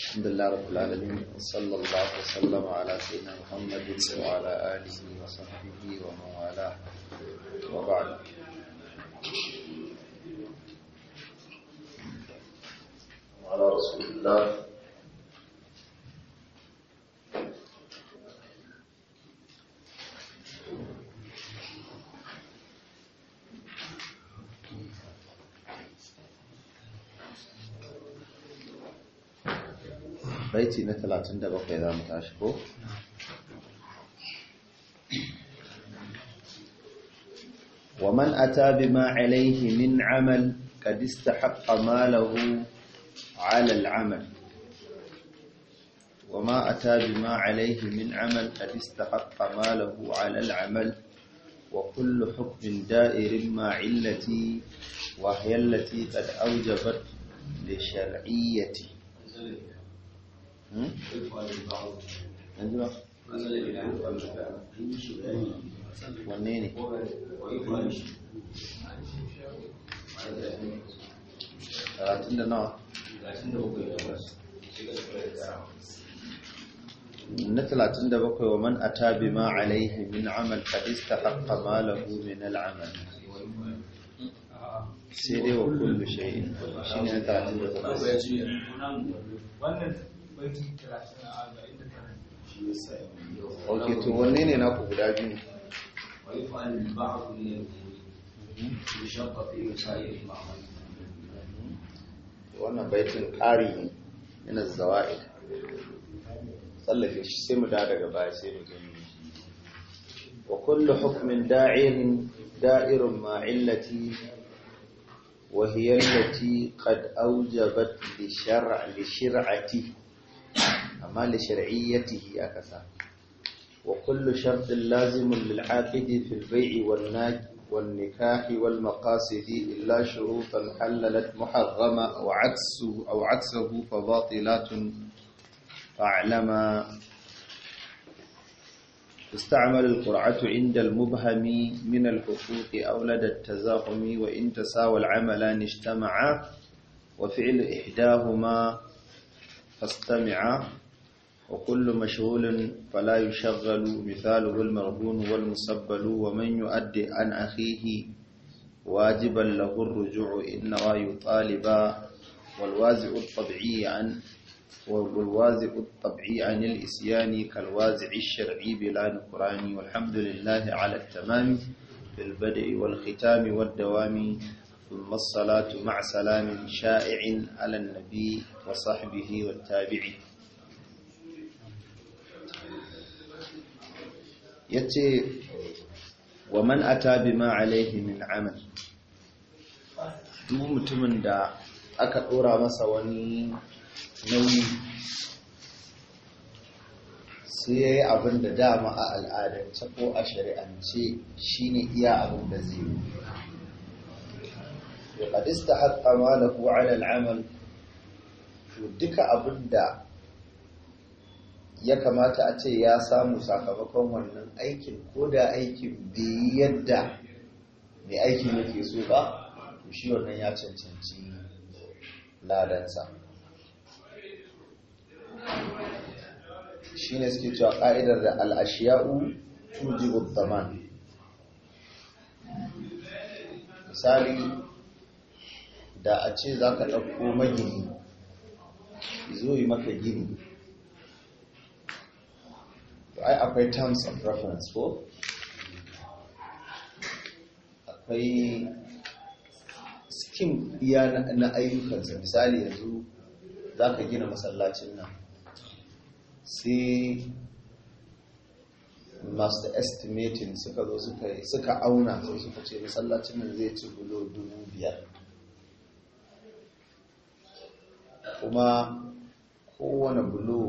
الحمد لله رب العالمين وصلى الله وسلم على سيدنا محمد وعلى آله وصحبه ومن والاه وبعد وعلى رسول الله baiti na 37 za mu tashi ومن أتى بما عليه من عمل قد استحق ماله على العمل وما أتى بما عليه من عمل قد استحق ماله على العمل وكل حكم دائر مع علتي وهي التي قد أوجبت لشرعيتي talatin da na talatin da bakwai wa man ata bi ma alaihi min amal kadis ta haka min al'amal sai dai wa kullu shayi shi ne na talatin da ok to wanne ne ku guda biyu wannan baitin ƙari ne yana zawa'i tsallafe shi sai mu da daga baya sai mu gani wa kullu hukumin da'irin da'irin ma'illati wa hiya allati qad awjabat li shar'ati amma li shar'iyyatihi aka sa wa kullu shartin lazimun lil aqidi fil bai'i wan naki wal nikahi wal maqasidi illa shurutan halalat muharrama aw aksu aw aksuhu fa batilatun fa'lama تستعمل القرعة عند المبهم من الحقوق أو لدى التزاحم وإن تساوى العملان اجتمعا وفعل إحداهما فاستمع وكل مشغول فلا يشغل مثاله المرهون والمسبل ومن يؤدي عن أخيه واجبا له الرجوع إنما يطالبا والوازع الطبيعي عن والوازع الطبيعي عن الإسيان كالوازع الشرعي بلا نكران والحمد لله على التمام في البدء والختام والدوام ثم الصلاة مع سلام شائع على النبي وصحبه والتابعين yace wa man ata bima alaihi min amal duk mutumin da aka ɗora masa wani nauyi sai ya yi da dama a al'adance ko a shari'ance shine iya abin da zai yi qad istahaqqa malahu 'ala al-'amal to duka abinda ya kamata a ce ya samu sakamakon wannan aikin ko da aikin bai yadda mai aikin yake so ba to shi wannan ya cancanci ladansa shi ne suke cewa ƙa'idar da al'ashiya'u tujibu zaman misali da a ce za ka ɗauko magini zo yi maka gini ai akwai terms of reference ko akwai skim iya na ayyukansa misali yanzu za ka gina masallacin nan sai masu estimatin suka zo suka auna sai suka ce masallacin nan zai ci bulo dubu biyar kuma kowane bulo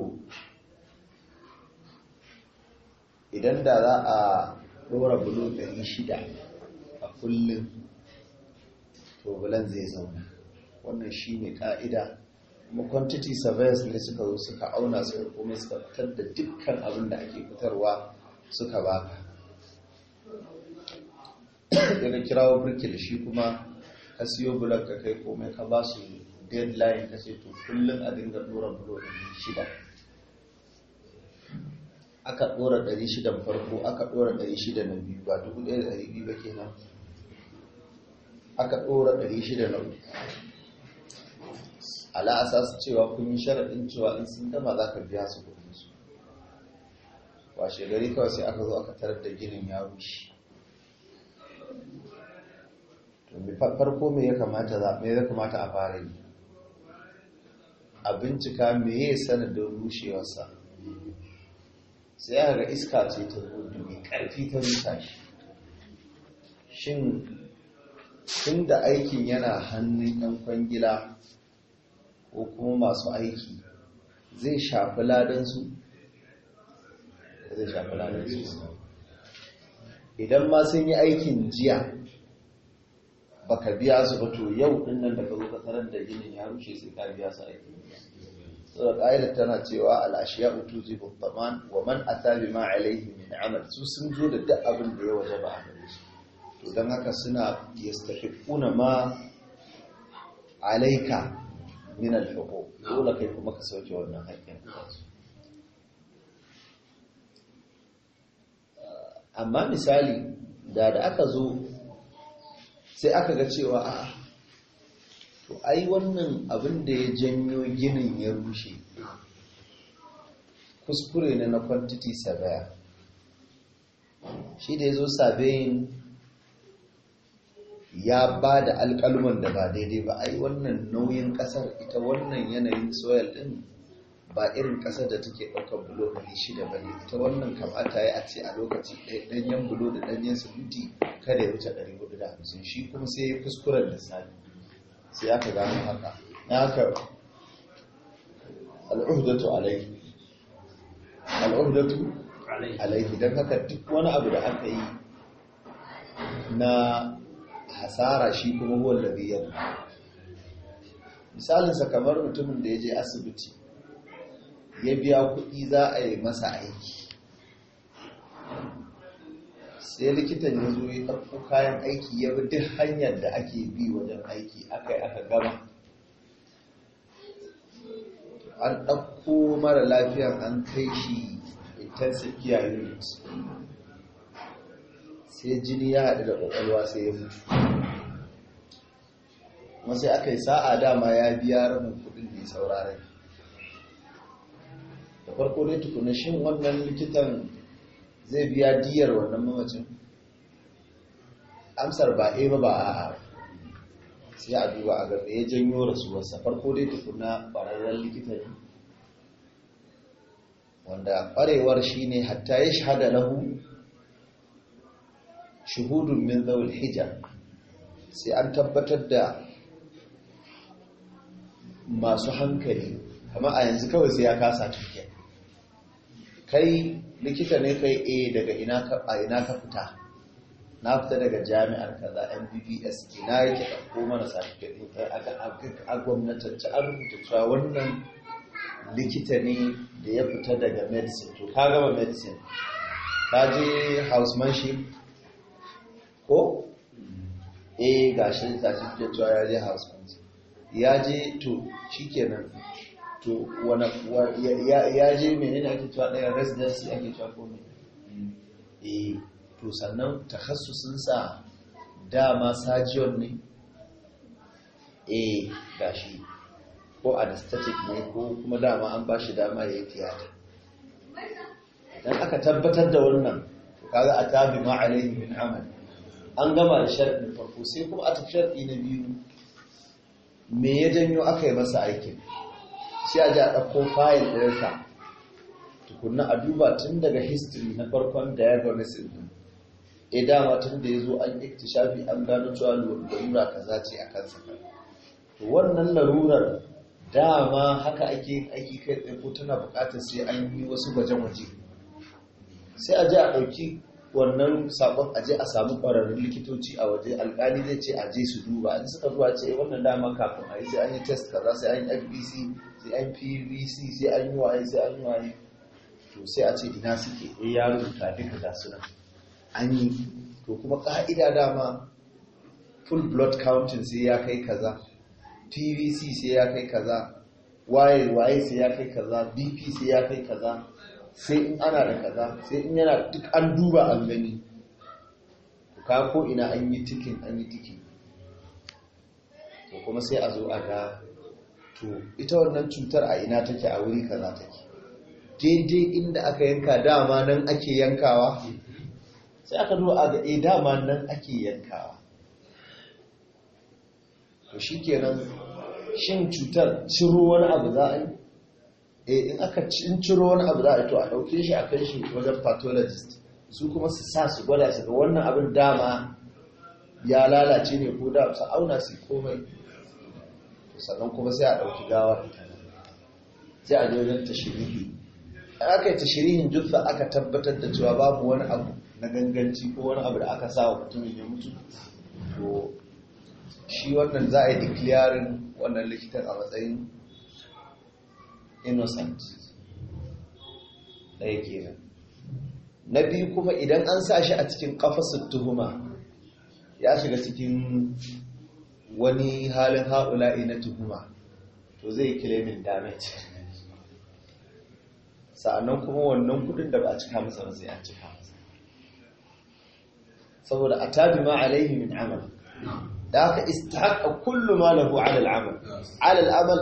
idan da za a dora bulo shida a kullum to bulan zai zauna wannan shi ne ƙa'ida kuma quantity surveyors ne suka zo suka auna suka kuma suka fitar da dukkan abin da ake fitarwa suka baka daga kirawo birki da shi kuma ka siyo bulan ka kai komai ka ba su deadline ta ce to kullum a dinga dora bulo ɗari shida aka dora ɗari shidan farko aka dora ɗari shida na biyu ba dubu ɗaya da ɗari biyu ba kenan aka dora ɗari shida na biyu ala asasu cewa kun yi sharaɗin cewa in sun gama za ka biya su kuɗin su Wa shegari kawai sai aka zo aka tarar da ginin ya rushe farko me ya kamata a fara yi a bincika meye sanadin rushewarsa sai aka ga iska ce ta gudu mai ƙarfi ta rusa shi shin tun da aikin yana hannun yan kwangila ko kuma masu aiki zai shafi ladansu zai shafi ladansu idan ma sun yi aikin jiya baka biya su ba to yau ɗin nan da ka zo ka da ginin ya rushe sai ka biya su aikin saboda ƙa'idar tana cewa al'ashiya utu zibu zaman wa man ata bi ma alaihi min amal su sun zo da duk abin da ya waje ba a gare shi to dan haka suna yastahiquna ma alaika min al-huquq dole kai kuma ka sauke wannan haƙƙin amma misali da da aka zo sai aka ga cewa a'a to ai wannan abin da ya janyo ginin ya rushe kuskure ne na kwantiti sabaya shi da ya zo sabayin ya ba da alkalman da ba daidai ba ai wannan nauyin kasar ita wannan yanayin soyal din ba irin kasar da take ɗaukar bulo da shida ba ne ita wannan kamata ya a ce a lokaci ɗanyen bulo da ɗanyen siminti kada ya wuce ɗari hudu da hamsin shi kuma sai ya kuskuren da safe. sai aka gano haka na haka al'uhdatu alaihi al'uhdatu alaihi don haka duk wani abu da aka yi na hasara shi kuma huwa yau misalinsa kamar mutumin da ya je asibiti ya biya kuɗi za a yi masa aiki sai likitan ya zo ya ɗauko kayan aiki ya bi duk hanyar da ake bi wajen aiki aka yi aka gama an ɗauko mara lafiyar an kai shi intensive care unit sai jini ya haɗu da ƙwaƙwalwa sai ya mutu kuma sai aka yi sa'a dama ya biya ramin kuɗin mai ya da farko dai tukuna shin wannan likitan zai biya diyar wannan mamacin amsar ba a ba ba a sai a duba a gaba ya janyo rasuwarsa farko dai tukuna ƙwararren likita ne wanda ƙwarewar shi ne hatta ya shahada lahu shuhudun min zaul hijja sai an tabbatar da masu hankali amma a yanzu kawai sai ya kasa tafiya kai likita ne kai eh, a daga ina ka fita na fita daga jami'ar kaza mbbs ina na yake ɗauko mana certificate ɗin kai a gwamnatance an rubuta cewa wannan likita ne da ya fita daga medicine to ka gama medicine ka je housemanship ko eh, shi gashi certificate cewa ya je housemanship ya je to shi kenan to wani ya je menene ake cewa ɗaya residency ake cewa ko ne eh, to sannan takhassusin sa dama surgeon ne E, gashi ko anesthetic ne ko kuma dama an ba shi dama ya yi tiyata idan aka tabbatar da wannan to kaga a tabi ma alaihi min amal an gama da sharɗin farko sai kuma a tafi sharadi na biyu me ya janyo aka yi masa aikin Shi a ji a ɗauko fayil ɗinsa tukunna a duba tun daga history na farkon diagnosis din e eh, dama tun da ya zo an shafi an gano cewa larura kaza ce a kansa to wannan larurar dama haka ake yin aiki kai tsaye ko tana buƙatar sai an yi wasu gwaje-gwaje sai a ji a ɗauki wannan sabon aje a samu ƙwararrun likitoci a waje alƙali zai ce aje su duba in suka zuwa ce eh, wannan dama kafin a yi sai an yi test kaza sai an yi fbc sai an pvc sai an yi waye sai an yi waye to sai a ce ina suke eh ya rubuta duka da su an yi to kuma ka'ida dama full blood counting sai ya kai kaza pvc sai ya kai kaza waye waye sai ya kai kaza bp sai ya kai kaza sai in ana da kaza sai in yana duk an duba an gani ka ko ina an yi tikin an yi tikin to kuma sai a zo a ga to ita wannan cutar a ina take a wuri kaza take daidai inda aka yanka dama nan ake yankawa sai aka duba a ga eh dama nan ake yankawa to shikenan shin cutar ciro wani abu za a yi eh in aka in ciro wani abu za a to a ɗauke shi a kai shi wajen pathologist su kuma su sa su gwada su ga wannan abin dama ya lalace ne ko da su auna su komai sannan kuma sai a ɗauki gawar sai a jirgin tashirihi a aka yi tashirihin jufa aka tabbatar da cewa babu wani abu na ganganci ko wani abu da aka sa wa mutumin ya mutu to shi wannan za a yi declaring wannan likitan a matsayin innocent ɗaya kenan na biyu kuma idan an sa shi a cikin ƙafasar tuhuma ya shiga cikin wani halin haɗula'i na tuhuma to zai claiming damage sa'annan kuma wannan kudin da ba a cika masa zai a cika masa saboda a tabi ma alaihi min amal da haka istahaqqa kullum ma lahu alal amal ala amal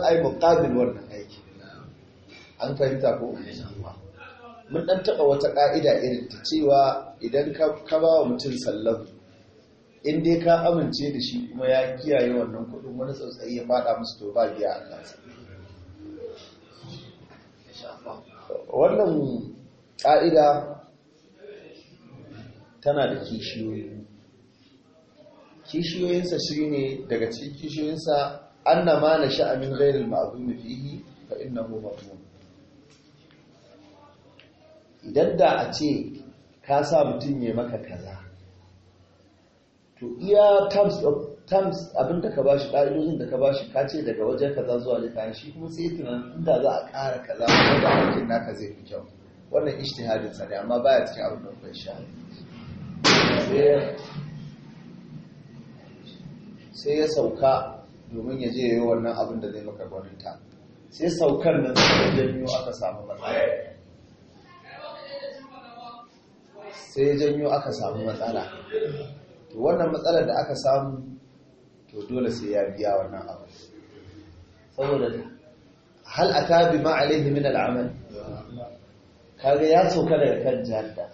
wannan an fahimta ko mun dan taba wata ka'ida irin ta cewa idan ka ba wa mutum sallahu in dai ka amince da shi kuma ya kiyaye wannan kudin wani tsautsayi ya fada musu to ba biya Allah wannan ka'ida tana da kishiyoyi kishiyoyinsa shi ne daga cikin kishiyoyinsa annama na sha'amin ghairil ma'dum fihi fa innahu madmum idan da a ce ka sa mutum ya maka kaza to iya terms of terms abin da ka ba bashi ƙa'idojin da ka shi ka ce daga wajen kaza zuwa littafin shi kuma sai tunanin inda za a ƙara kaza wanda aikin naka zai fi kyau wannan ishtihadin sa ne amma baya cikin abin da kai sha sai ya sauka domin ya je ya yayi wannan abin da zai maka gwaninta sai saukar nan sai janyo aka samu matsala sai ya janyo aka samu matsala to wannan matsalar da aka samu to dole sai ya biya wannan abu saboda hal ata bi ma alaihi min al'amal kaga ya sauka daga kan jahannam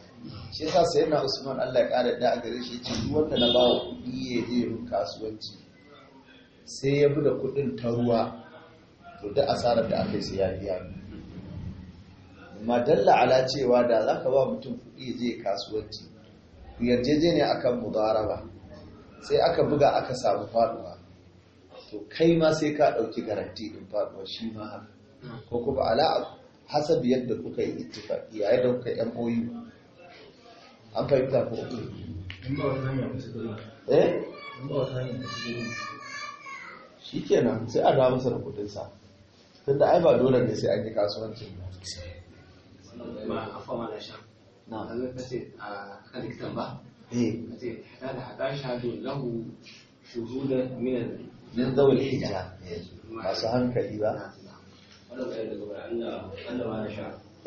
shi yasa na usman Allah ya kara da gare shi ce duk wanda na bawa kudi ya je kasuwanci sai ya bi da kuɗin ta ruwa to duk asarar da aka yi sai ya biya Amma dalla ala cewa da za ka ba mutum kuɗi zai kasuwanci ku ne akan mudaraba sai aka buga aka samu faduwa to kai ma sai ka ɗauki garanti ɗin faduwa shi ma haka ko kuma ala hasabi yadda kuka yi ittifaqi ya da kuka yan boyu an fahimta ko eh shikenan sai a dawo masa da kuɗinsa tunda ai ba dole ne sai an yi kasuwancin ba عفوا هشام نعم نسيت خليك تنبه نسيت هذا 11 آه، إيه. له شهود من من ذوي الحجة masu hankali ba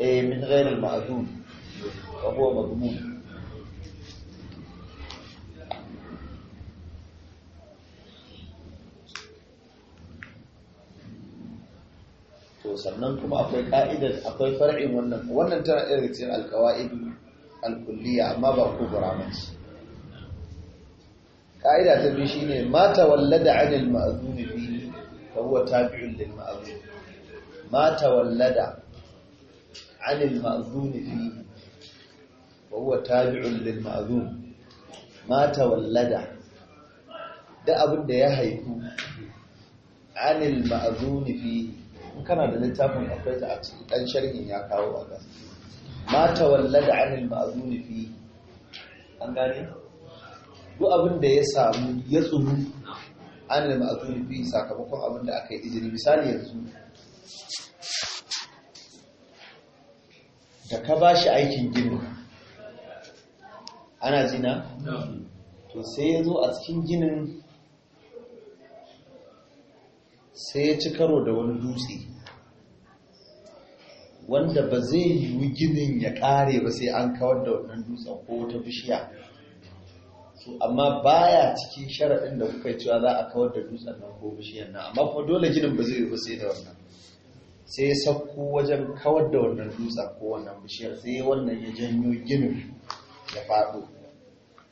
eh min ghairil ma'dum wa huwa madmun to sannan kuma akwai ka'idar akwai far'in wannan wannan tana ɗaya daga cikin alƙawa'id kulliya amma ba ko buramanci ka'ida ta biyu shine ma tawallada anil ma'zun bihi fa huwa tabi'un lil ma'zun ma tawallada anil ma'zun fi fa huwa tabi'un lil ma'zun Mata wallada, da abin da ya haifu anil ma'zun bihi kana da littafin akwai ta a cikin dan sharhin ya kawo a gasa ma tawallada anil ma'zuni fi an gane duk abin da ya samu ya tsuru anil ma'zuni fi sakamakon abin da aka yi izini misali yanzu da ka ba shi aikin gini ana jina to sai ya zo a cikin ginin sai ya ci karo da wani dutse wanda ba zai yiwu ginin ya kare ba sai an kawar da wannan dutsen ko wata bishiya amma baya cikin sharaɗin da kuka yi cewa za a kawar da dutsen nan ko bishiyar nan amma kuma dole ginin ba zai yi ba sai da wannan sai ya sauko wajen kawar da wannan dutsen ko wannan bishiyar sai wannan ya janyo ginin ya faɗo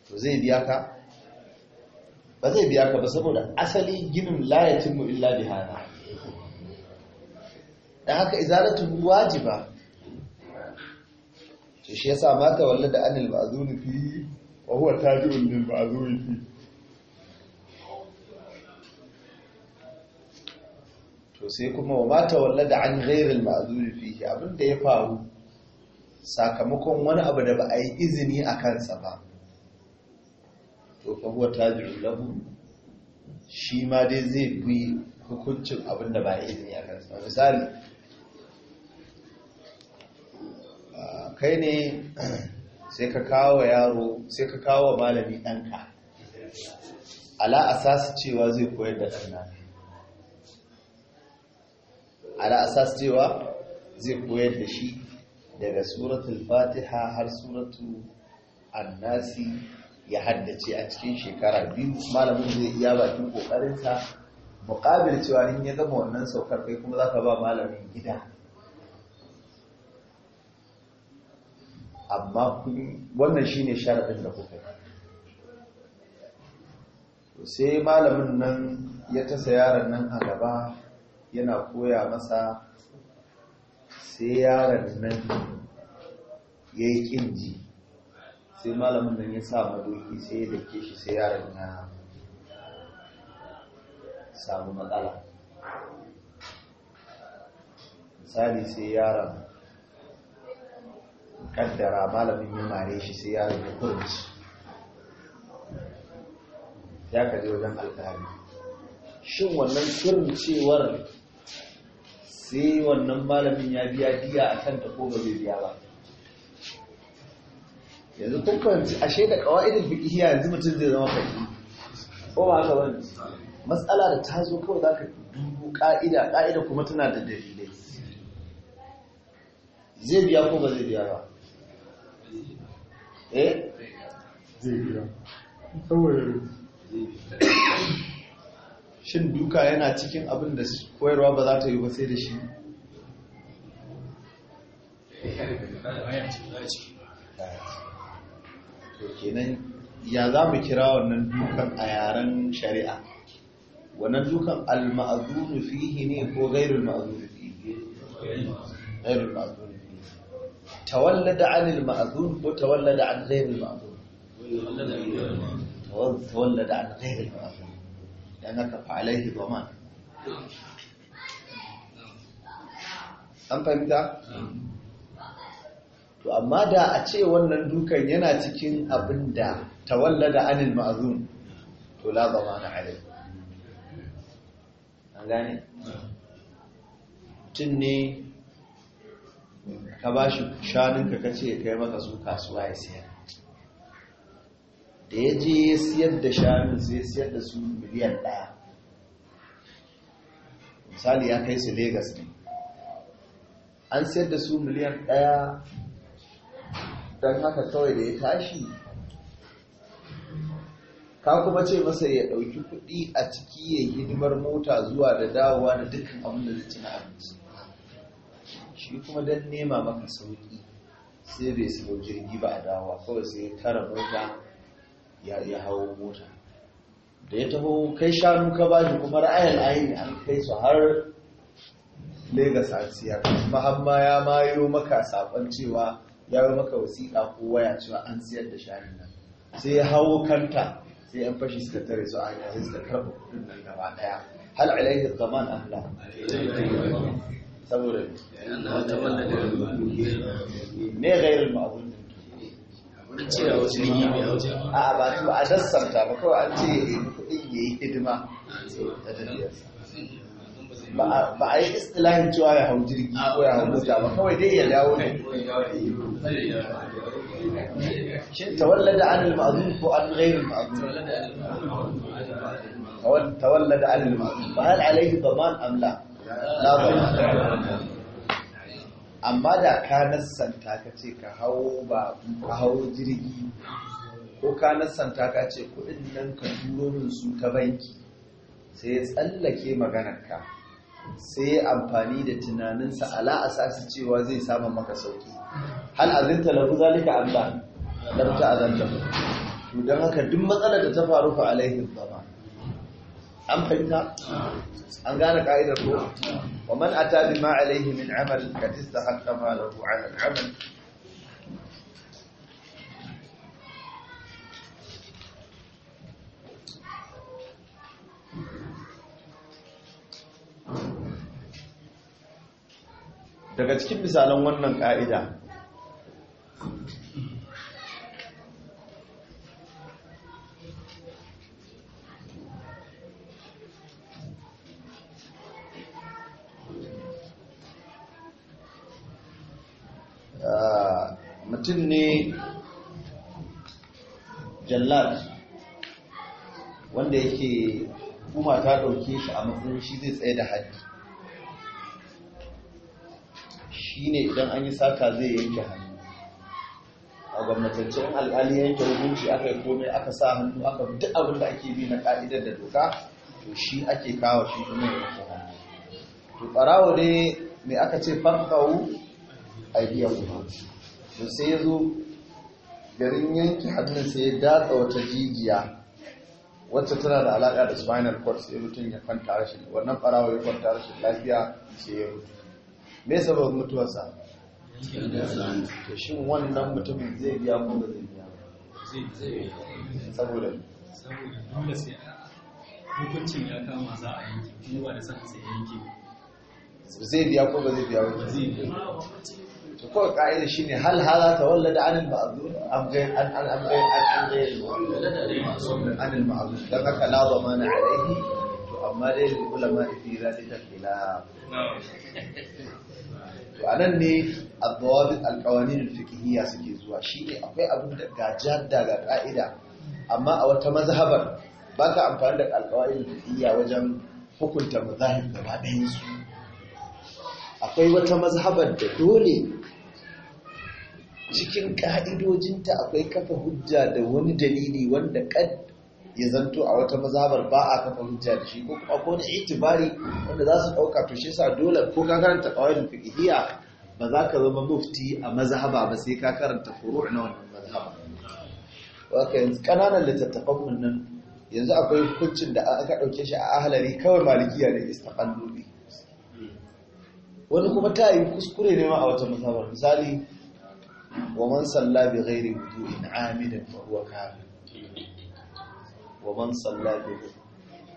to zai biya ka ba zai biya ka ba saboda asali ginin layacin mu illa bi hana dan haka izalatu wajiba to shi yasa ma ta da anil ma'zuni fi wa huwa tabi'un lil ma'zuni fi to sai kuma wa mata walla da an ghairil ma'zuni fi abinda ya faru sakamakon wani abu da ba a yi izini a kansa ba to fa huwa tabi'un lahu shi ma dai zai bi hukuncin abin da ba izini a kansa misali kai ne sai ka kawo yaro sai ka kawo malami danka ala asasi cewa zai koyar da ɗanka ala asasi cewa zai koyar da shi daga suratul fatiha har suratul annasi ya haddace a cikin shekara biyu malamin zai iya bakin kokarinsa muƙabil cewa in ya gama wannan saukar kai kuma za ka ba malamin gida amma wannan shine sharaɗin da kuka yi sai malamin nan ya tasa yaron nan a gaba yana koya masa sai yaron nan ya yi ƙinji sai malamin nan ya sa madoki sai ya dake shi sai yaron ya samu matsala misali sai yaron kaddara malamin ya mare shi sai yaron ya kurci ya ka wajen alkali shin wannan kurcewar sai wannan malamin ya biya biya a kanta ko ba zai biya ba yanzu kun fahimci ashe da qawaidul fiqhiyya yanzu mutum zai zama faqih ko ba ka wani matsala da ta zo kawai za ka dubu ka'ida ka'ida kuma tana da dalilai zai biya ko ba zai biya ba eh zai biya saboda shin duka yana cikin abin da koyarwa ba za ta yi ba sai da shi Thank you. kenan ya za mu kira wannan dukan a yaren shari'a wannan dukan al-ma'azunu fihi ne ko gairul ma'azunu fihi gairul ma'azunu fihi tawallada anil ma'azun ko tawallada an ghairul ma'azun tawallada an ghairul ma'azun dan haka fa alaihi dhaman an fahimta to amma da a ce wannan dukan yana cikin abin da da anil ma'azun to la zama na alai an gane tun ne ka ba shi shanunka ka ce kai maka su kasuwa ya siyar da ya je ya siyar da shanun sai ya siyar da su miliyan ɗaya misali ya kai su Legas ne an siyar da su miliyan ɗaya don haka kawai da ya tashi ka kuma ce masa ya ɗauki kuɗi a ciki ya hidimar mota zuwa da dawowa da dukkan abin da zai na abinci shi kuma don nema maka sauƙi sai bai sau jirgi ba a dawowa kawai sai ya tara mota ya yi hawo mota da ya taho kai shanu ka ba shi kuma ra'ayin ayin an kai su har Legas a siya kuma ya mayo maka saƙon cewa ya bar maka wasiƙa ko waya cewa an siyar da shanin nan sai ya hawo kanta sai yan fashi suka tare su a yanzu suka karɓa kuɗin nan gaba ɗaya hal alaihi zaman ahla saboda me gairul ma'abun a ba su a dassanta ba kawai an ce kuɗin ya yi hidima da tafiyarsa ba a yi istilahin cewa ya hau jirgi ko ya hau mota ba kawai dai ya dawo ne shin da an al ko an ghayr al-ma'zum da an al Ba fa hal ba daman am la la amma da ka nassanta ka ce ka hau ba ka hau jirgi ko ka nassanta ka ce kuɗin nan ka turo min su ta banki sai ya tsallake maganarka sai amfani da tunaninsa ala asasi cewa zai samu maka sauki hal azinta lahu zalika Allah lam ta azanta to dan haka duk matsalar da ta faru fa alaihi zama an fahimta an gane ka'idar ko wa man ata bima alaihi min amal katista hatta ma lahu ala al-amal daga cikin misalan wannan ƙa'ida ah, mutum ne jallad wanda yake kuma ta ɗauke shi a matsayin shi zai tsaye da hali. shine idan an yi saka zai yanke hannu a gwamnatance in alƙali yanke hukunci aka yi komai aka sa hannu aka duk abin da ake bi na ƙa'idar da doka to shi ake kawo shi kuma ya yanke hannu to ɓarawo ne mai aka ce farkawu a biya kuma to sai ya zo garin yanke hannun sai ya datsa wata jijiya wacce tana da alaƙa da spinal cord sai mutum ya kwanta rashin wannan ɓarawo ya kwanta rashin lafiya sai ya mutu me sababin mutuwarsa to shi wannan mutumin zai biya ko da zai biya saboda saboda hukuncin ya kama za a yanki kuma ba da san sai yanki zai biya ko ba zai biya ba zai biya to kawai ka'ida shi ne hal hala ta wallada anil ma'azur an gai an an an gai an an gai anil ma'azur dan haka la zamana alaihi to amma dai ulama fi zalika khilaf to anan ne al-dawabit al-qawanin suke zuwa shi ne akwai abin da ga jadda ga ka'ida amma a wata mazhabar ba ka amfani da al-qawanin wajen hukunta mazahib gabaɗayansu. akwai wata mazhabar da dole cikin ƙa'idojinta akwai kafa hujja da wani dalili wanda kad ya zanto a wata mazabar ba a kafa hujja da shi ko kuma ko ne itibari wanda za su ɗauka to shi sa dole ko ka karanta qawaidul fiqhiyya ba za ka zama mufti a mazhaba ba sai ka karanta furu' na wannan mazhaba yanzu kananan littattafan nan yanzu akwai hukuncin da aka ɗauke shi a ahlari kawai malikiya da istaqallubi wani kuma ta yi kuskure ne ma a wata mazhabar misali wa man salla bi ghairi wudu'in amidan fa huwa kafir wa man salla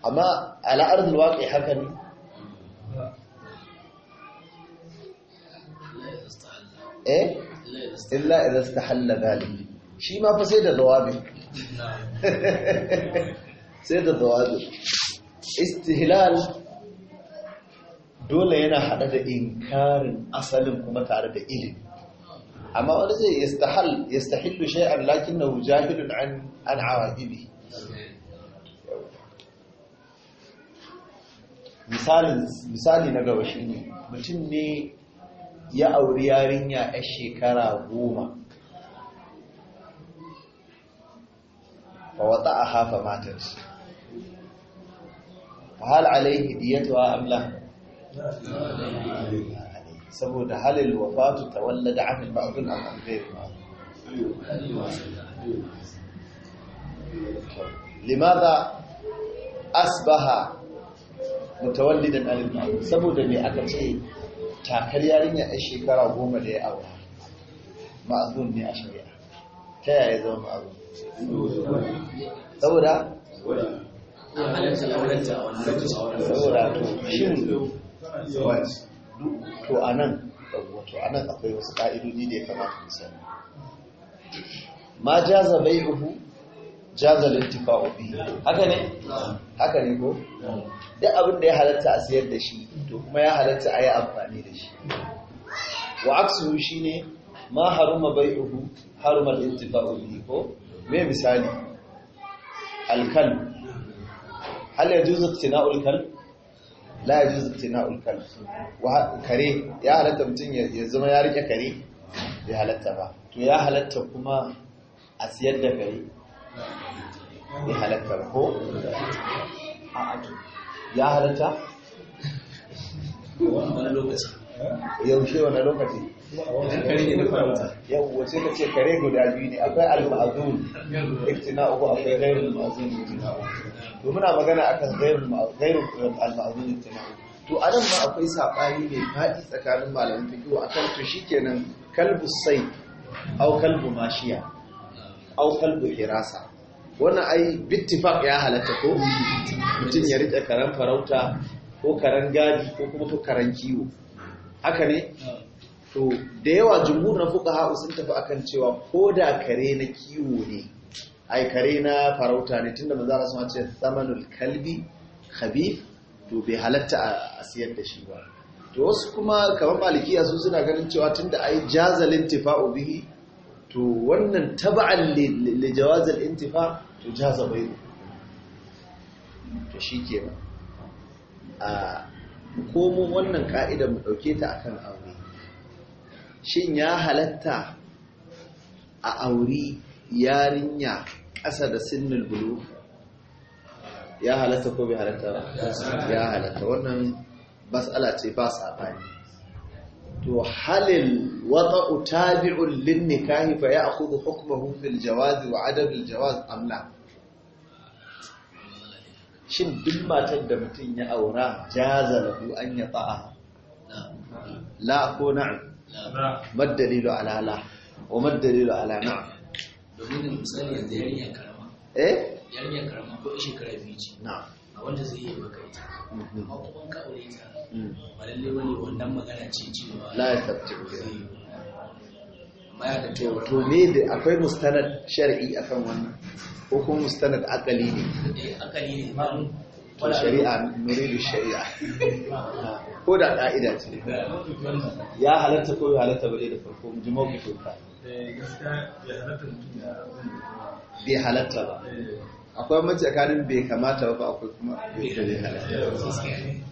amma ala ardil haka ne eh? illa idza istahalla dhalik shi ma fa sai da dawabi sai da dawabi istihlal dole yana hada da inkarin asalin kuma tare da ilimi amma wani zai yastahil yastahillu shay'an lakinnahu jahilun an an misali na gaba shi ne mutum ne ya auri yarinya a shekara goma fa wata a hafa matas a hal alaihi wa amla saboda halil wafatu ta wallada amin ba'adun ba. limadha asbaha mutawallidan alil saboda me aka ce takar yarinya a shekara goma da ya awa ma'azun ne a shari'a ta yaya zama ma'azun saboda saboda to shin to a nan to a nan akwai wasu ƙa'idodi da ya kamata mu sani ma jaza bai'uhu jazal intifa'u bi haka ne haka ne ko duk abin da ya halatta a siyar da shi to kuma ya halatta a yi amfani da shi wa aksu shine ma haruma bai'uhu haruma intifa'u bi ko me misali alkal hal yajuzu tina'u alkal la yajuzu tina'u alkal wa kare ya halatta mutum ya zama ya rike kare ya halatta ba to ya halatta kuma a siyar da kare Ya halatta ko a ake ya halatta wani lokaci yaushe wani lokaci yau wace ka ce kare guda biyu ne akwai al-ma'azun iftina uku akwai gairul ma'azun iftina uku to muna magana a kan gairul al-ma'azun iftina uku to a nan ma akwai saɓani mai faɗi tsakanin malamin fikiwa akan to shikenan kalbu sai au kalbu mashiya au kalbu hirasa wannan ai bittifak ya halatta ko mutum ya rike karen farauta ko karen gadi ko kuma ko karen kiwo haka ne to da yawa jumhur na fuka fuqaha sun tafi akan cewa ko da kare na kiwo ne ai kare na farauta ne tunda manzo Allah ce zamanul kalbi khabith to bai halatta a siyar da shi ba to wasu kuma kamar malikiya su suna ganin cewa tunda ai jazalin tifa'u bihi to wannan taba'an li intifa to jaza bai to shi ke ba. a komo wannan ka'idar mu ɗauke ta akan aure shin ya halatta a auri yarinya ƙasa da sinnul bulu ya halatta ko bai halatta ba ya halatta wannan bas'ala ce ba saɓani to wata wata'u tabi'un lin nikahi fa ya'khudhu hukmuhu fil jawaz wa adam al jawaz am shin duk matar da mutum ya aura jaza lahu an ya ta'a la ko na mad dalilu ala la wa mad dalilu ala na'am domin misali yanzu yarinya karama eh yarinya karama ko ishe biyu ce na a wanda zai yi maka ita amma mm-hmm. kuma ka aure ta ba lalle wani wannan magana ce cewa la yastati eh. amma ya da cewa. to ne da akwai mustanad shar'i akan wannan ko kuma mustanad akali ne eh akali ne ba to shari'a nuridu shari'a ko da ka'ida ce ya halatta ko ya halatta bare da farko mu ji mawqifin ka eh, bai halatta ba eh. akwai mace tsakanin bai kamata ba akwai kuma bai halatta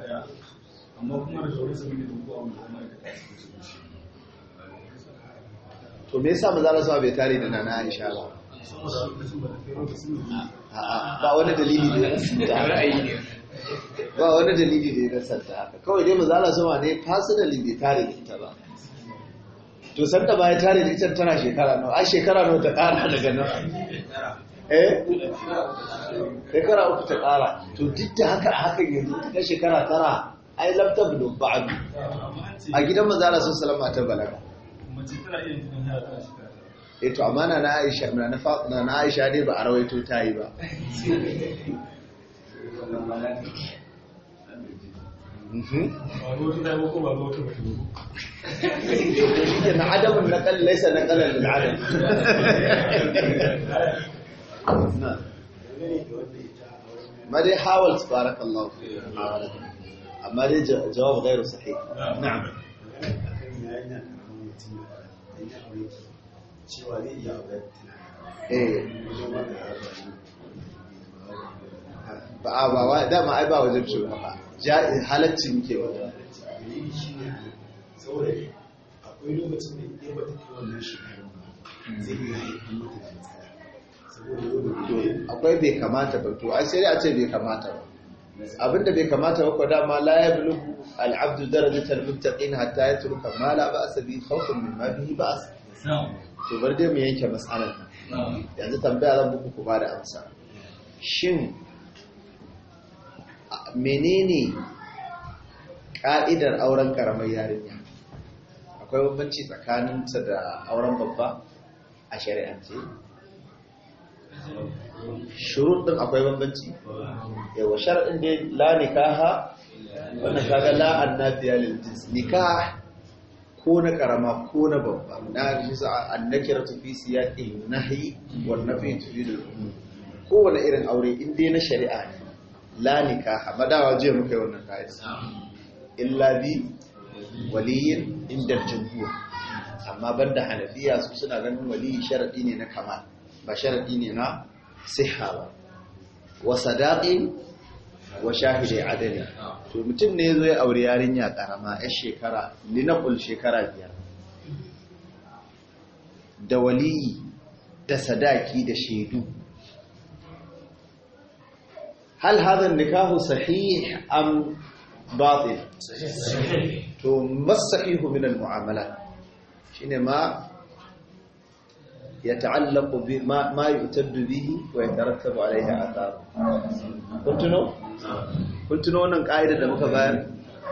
amma kuma da shawarar sami ne ko wani wanda ma'aikata to me yasa maza sama bai tare da nana Aisha ba ba wani dalili da ya santa ba wani dalili da ya santa haka kawai dai maza Allah sama ne personally bai tare da ita ba to sanda ba ya tare da ita tana shekara nawa ai shekara nawa ta kara daga nan eh shekara uku ta kara to duk da haka a hakan yanzu ta shekara tara ai lam tablu ba'd a gidan manzo Allah sallallahu alaihi ta balaga mace tana iya eh, to amana na Aisha na na Aisha dai ba a rawaito ta yi ba mhm. na adamun na laisa na amma dai jawab gairu sahih na'am cewa zai eh. ba ba wa dama ai ba wajen cewa ba halaccin ke wajen saboda akwai lokacin da ya wannan ba zai iya kamata ba to sai a ce bai kamata ba abinda bai kamata ba kwada ma la ya al al'abdu darajatal muttaqin hatta turka ma la ba'sa bi khawfin ma bihi ba's to bar dai mu yanke mas'alar yanzu tambaya zan buku ku bada amsa shin menene ka'idar auren karamar yarinya akwai bambanci tsakaninsa da auren babba a shari'ance shurut din akwai bambanci yawa shar'in dai la nikaha wannan kaga la annabiya lil jins nikah ko na karama ko na babba na shi sa tu fi siyaqi nahi wa nafi tufidul Ko wani irin aure in dai na shari'a ne la nikaha madawa je muka yi wannan kai illa bi waliyin inda jumhur amma banda hanafiya su suna ganin wali sharadi ne na kamal ba sharadi ne na siha ba wa sadaqin wa shahidi adali to mutum ne yazo ya aure yarinya karama yar shekara linaqul shekara biyar da waliyi da sadaki da shaidu hal hadha nikahu sahih am batil to masahihu min al mu'amala, shine ma يتعلق بما ما يعتد به ويترتب عليها آثار قلت نو قلت نو wannan kaida da muka bayar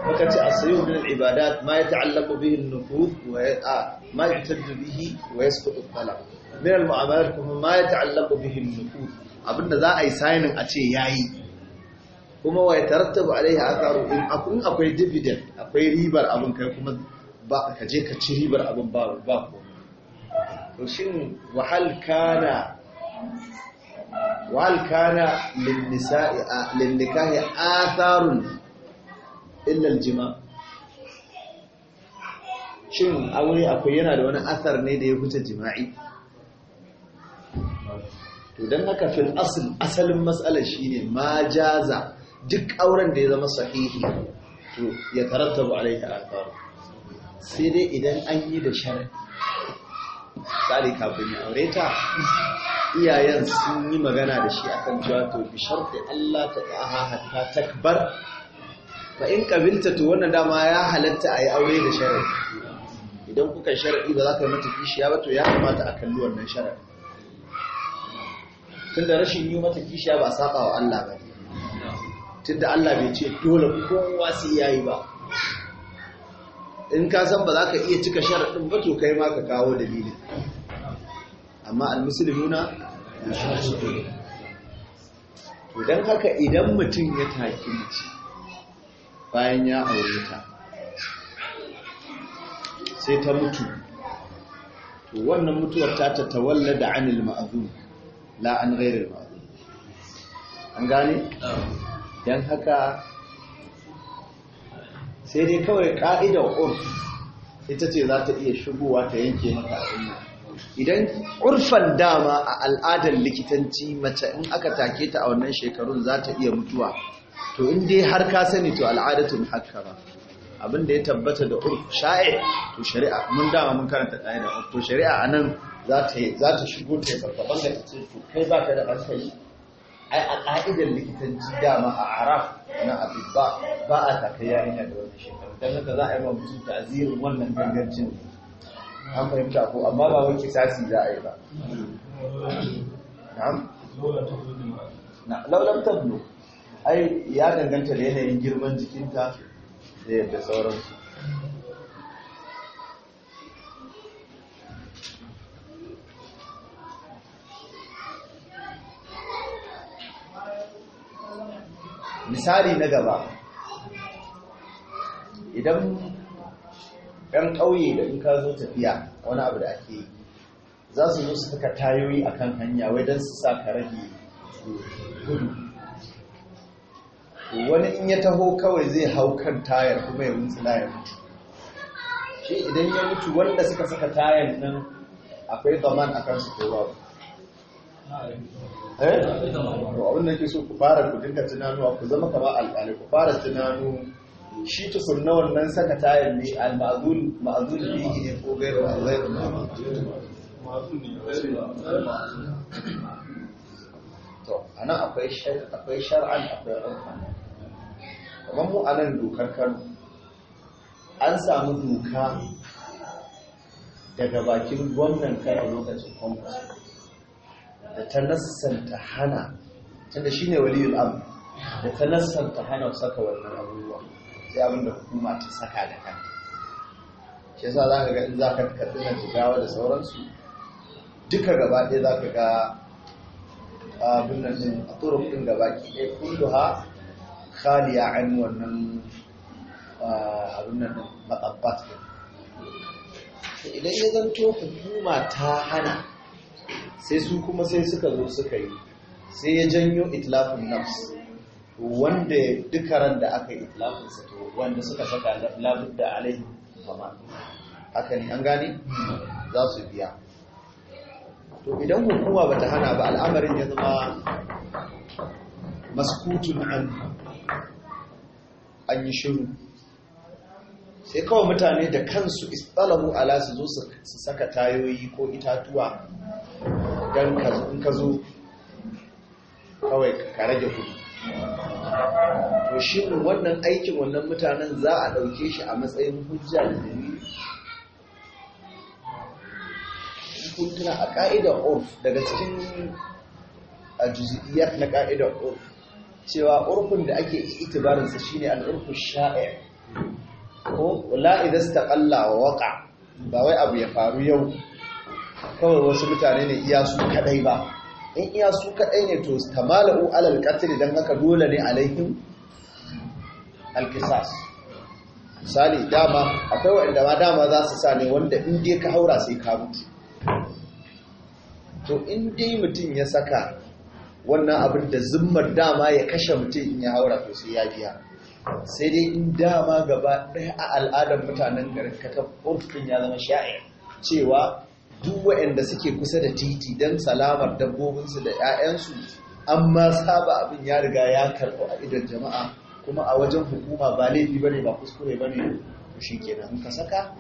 muka ce as-sayyid min al-ibadat ma yata'allaqu bihi an-nufuz wa ma yu'tad bihi wa yasqut al-talab min al-mu'amalat kuma ma yata'allaqu bihi an-nufuz abinda za a yi signing a ce yayi kuma wa yatarattabu alaiha atharu in akwai dividend akwai ribar abin kai kuma ba ka je ka ci ribar abin ba ba to shin wahal kana wahal kana lin nisa'i lin nikahi atharun illa aljima shin aure akwai yana da wani asar ne da ya huce jima'i to dan haka fil asl asalin mas'alar shine ma jaza duk auren da ya zama sahihi to ya tarattabu alaihi athar sai dai idan an yi da sharadi tsari kafin ya aure ta iyayen sun yi magana da shi akan cewa to bi sharti Allah ta tsaha hatta takbar fa in kabilta to wannan dama ya halatta ayi aure da shari'a idan kuka shari'i ba za ka yi mata kishiya ba to ya kamata a kalli wannan shari'a tunda rashin yi mata kishiya ba saba wa Allah ba tunda Allah bai ce dole kowa sai yayi ba in ka san ba za ka iya cika sharaɗin ba to kai ma ka kawo dalilin amma almusulmuna na shafi to don haka idan mutum ya taki mace bayan ya aure ta sai ta mutu to wannan mutuwar ta ta tawalla da anil ma'azum la an ghairil ma'azum an gane don haka sai dai kawai ka'idar urf ita ce za ta iya shigowa ta yanke maka abin nan idan urfan dama a al'adar likitanci mace in aka take ta a wannan shekarun za ta iya mutuwa to in dai har ka sani to al'adatun haka ba abin da ya tabbata da urf sha'i to shari'a mun dama mun karanta ɗaya da to shari'a a nan za ta shigo ta yi farfaban da ta ce to kai za ka da hankali ai a ƙa'idar likitanci dama a araf na abu ba ba a takai yayin da wani shekaru don haka za a yi wa mutum ta'azirin wannan gangancin ne an fahimta ko amma ba wanki kisasi za a yi ba na laulam tablo ai ya danganta da yanayin girman jikinta da yadda sauransu misali na gaba idan ɗan ƙauye da in ka zo tafiya wani abu da ake yi za su zo su saka tayoyi a kan hanya wai don su sa ka rage gudu wani in ya taho kawai zai hau kan tayar kuma ya mutu na ya mutu shi idan ya mutu wanda suka saka tayar nan akwai zaman a kansu ko babu eh, eh? abin da ke so ku fara ku dinga tunanuwa ku zama kamar alƙali ku fara tunanu shi ta na wannan saka tayin ne al bihi ne ko gairu al-ghairu ma'zun eh, to anan akwai shara, akwai shar'an akwai kamar mu anan dokar Kano an samu doka daga bakin gwamnan a lokacin Congress da ta nassanta hana tunda shine waliyul am da ta nassanta hana saka wannan abubuwa sai abin da hukuma ta saka da kanta shi yasa za ka ga in za ka karɓi na jigawa da sauransu duka gaba ɗaya za ka ga abin nan din a turuk ɗin gaba ki ɗaya kulluha khaliya an wannan abin nan din matsabbat idan ya zanto hukuma ta hana sai su kuma sai suka zo suka yi sai ya janyo itlafin nafs wanda duka ran da aka yi itlafinsa to wanda suka saka da alaihi kama haka ne an gane za su biya to idan hukuma bata hana ba al'amarin ya zama maskutun an an yi shiru sai kawai mutane da kansu isbalahu ala su zo su saka tayoyi ko itatuwa don ka zo kawai ka rage kudi to shi wannan aikin wannan mutanen za a ɗauke shi a matsayin hujja da dalili kuntuna a ƙa'idar urf daga cikin a juziyar na ƙa'idar urf cewa urfin da ake itibarinsa shine al'urfu sha'i ko la'idasta idan ƙalla wa waƙa ba wai abu ya faru yau kawai wasu mutane ne iya su kadai ba in iya su kadai ne to mala'u alal qatl don haka dole ne laifin alkisas. misali dama akwai waɗanda ma dama za su sa ne wanda in dai ka haura sai ka mutu to in dai mutum ya saka wannan abin da zimmar dama ya kashe mutum in ya haura to sai ya biya sai dai in dama gaba ɗaya a al'adar mutanen garin kaka urfin ya zama sha'ir cewa duk waɗanda suke kusa da titi don salamar dabbobinsu da 'ya'yansu an saba abin ya riga ya karɓo a idon jama'a kuma a wajen hukuma ba laifi ba ne ba kuskure ba ne shi kenan ka saka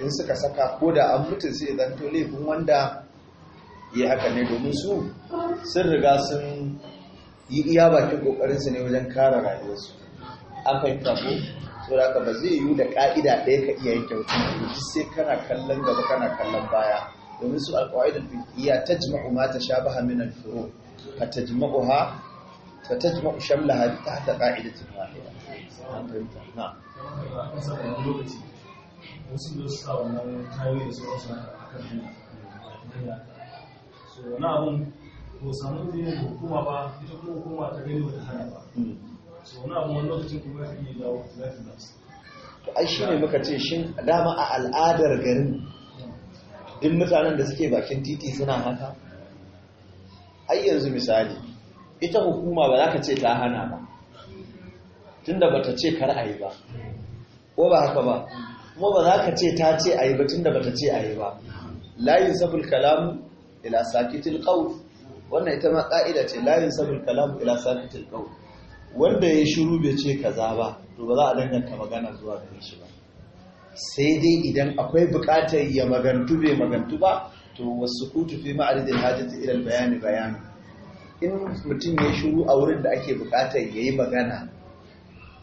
in suka saka ko da an mutu sai zan to laifin wanda ya haka ne domin su sun riga sun yi iya bakin kokarinsu ne wajen kare rayuwarsu akan fahimta saboda haka ba zai yiwu da ka'ida ɗaya ka iya yanke hukunci sai kana kallon gaba kana kallon baya domin su alƙawaidul da tajma'u ta jima'u ma ta furu ba tajma'uha fa tajma'u shamlaha tahta qa'idatin wahida ta ta da sa wannan tayoyi da sauransu a kan hanya so na abun ko samu ne hukuma ba ita kuma hukuma ta gani wata hana ba hmm. to ai shi ne muka ce shin dama a al'adar garin duk mutanen da suke bakin titi suna haka ai yanzu misali ita hukuma ba za ka ce ta hana ba tunda bata ce kar a yi ba ko ba haka ba kuma ba za ka ce ta ce a yi ba tunda bata ce a yi ba layin sabul kalamu ila sakitil qawl wannan ita ma ka'ida ce layin sabul kalamu ila sakitil qawl wanda ya shiru bai ce kaza ba to ba za a danganta magana zuwa da shi ba sai dai idan akwai buƙatar ya magantu bai magantu ba to wasu kutu fi ma'aridin hajjata idan bayani bayani in mutum ya shiru a wurin da ake buƙatar ya yi magana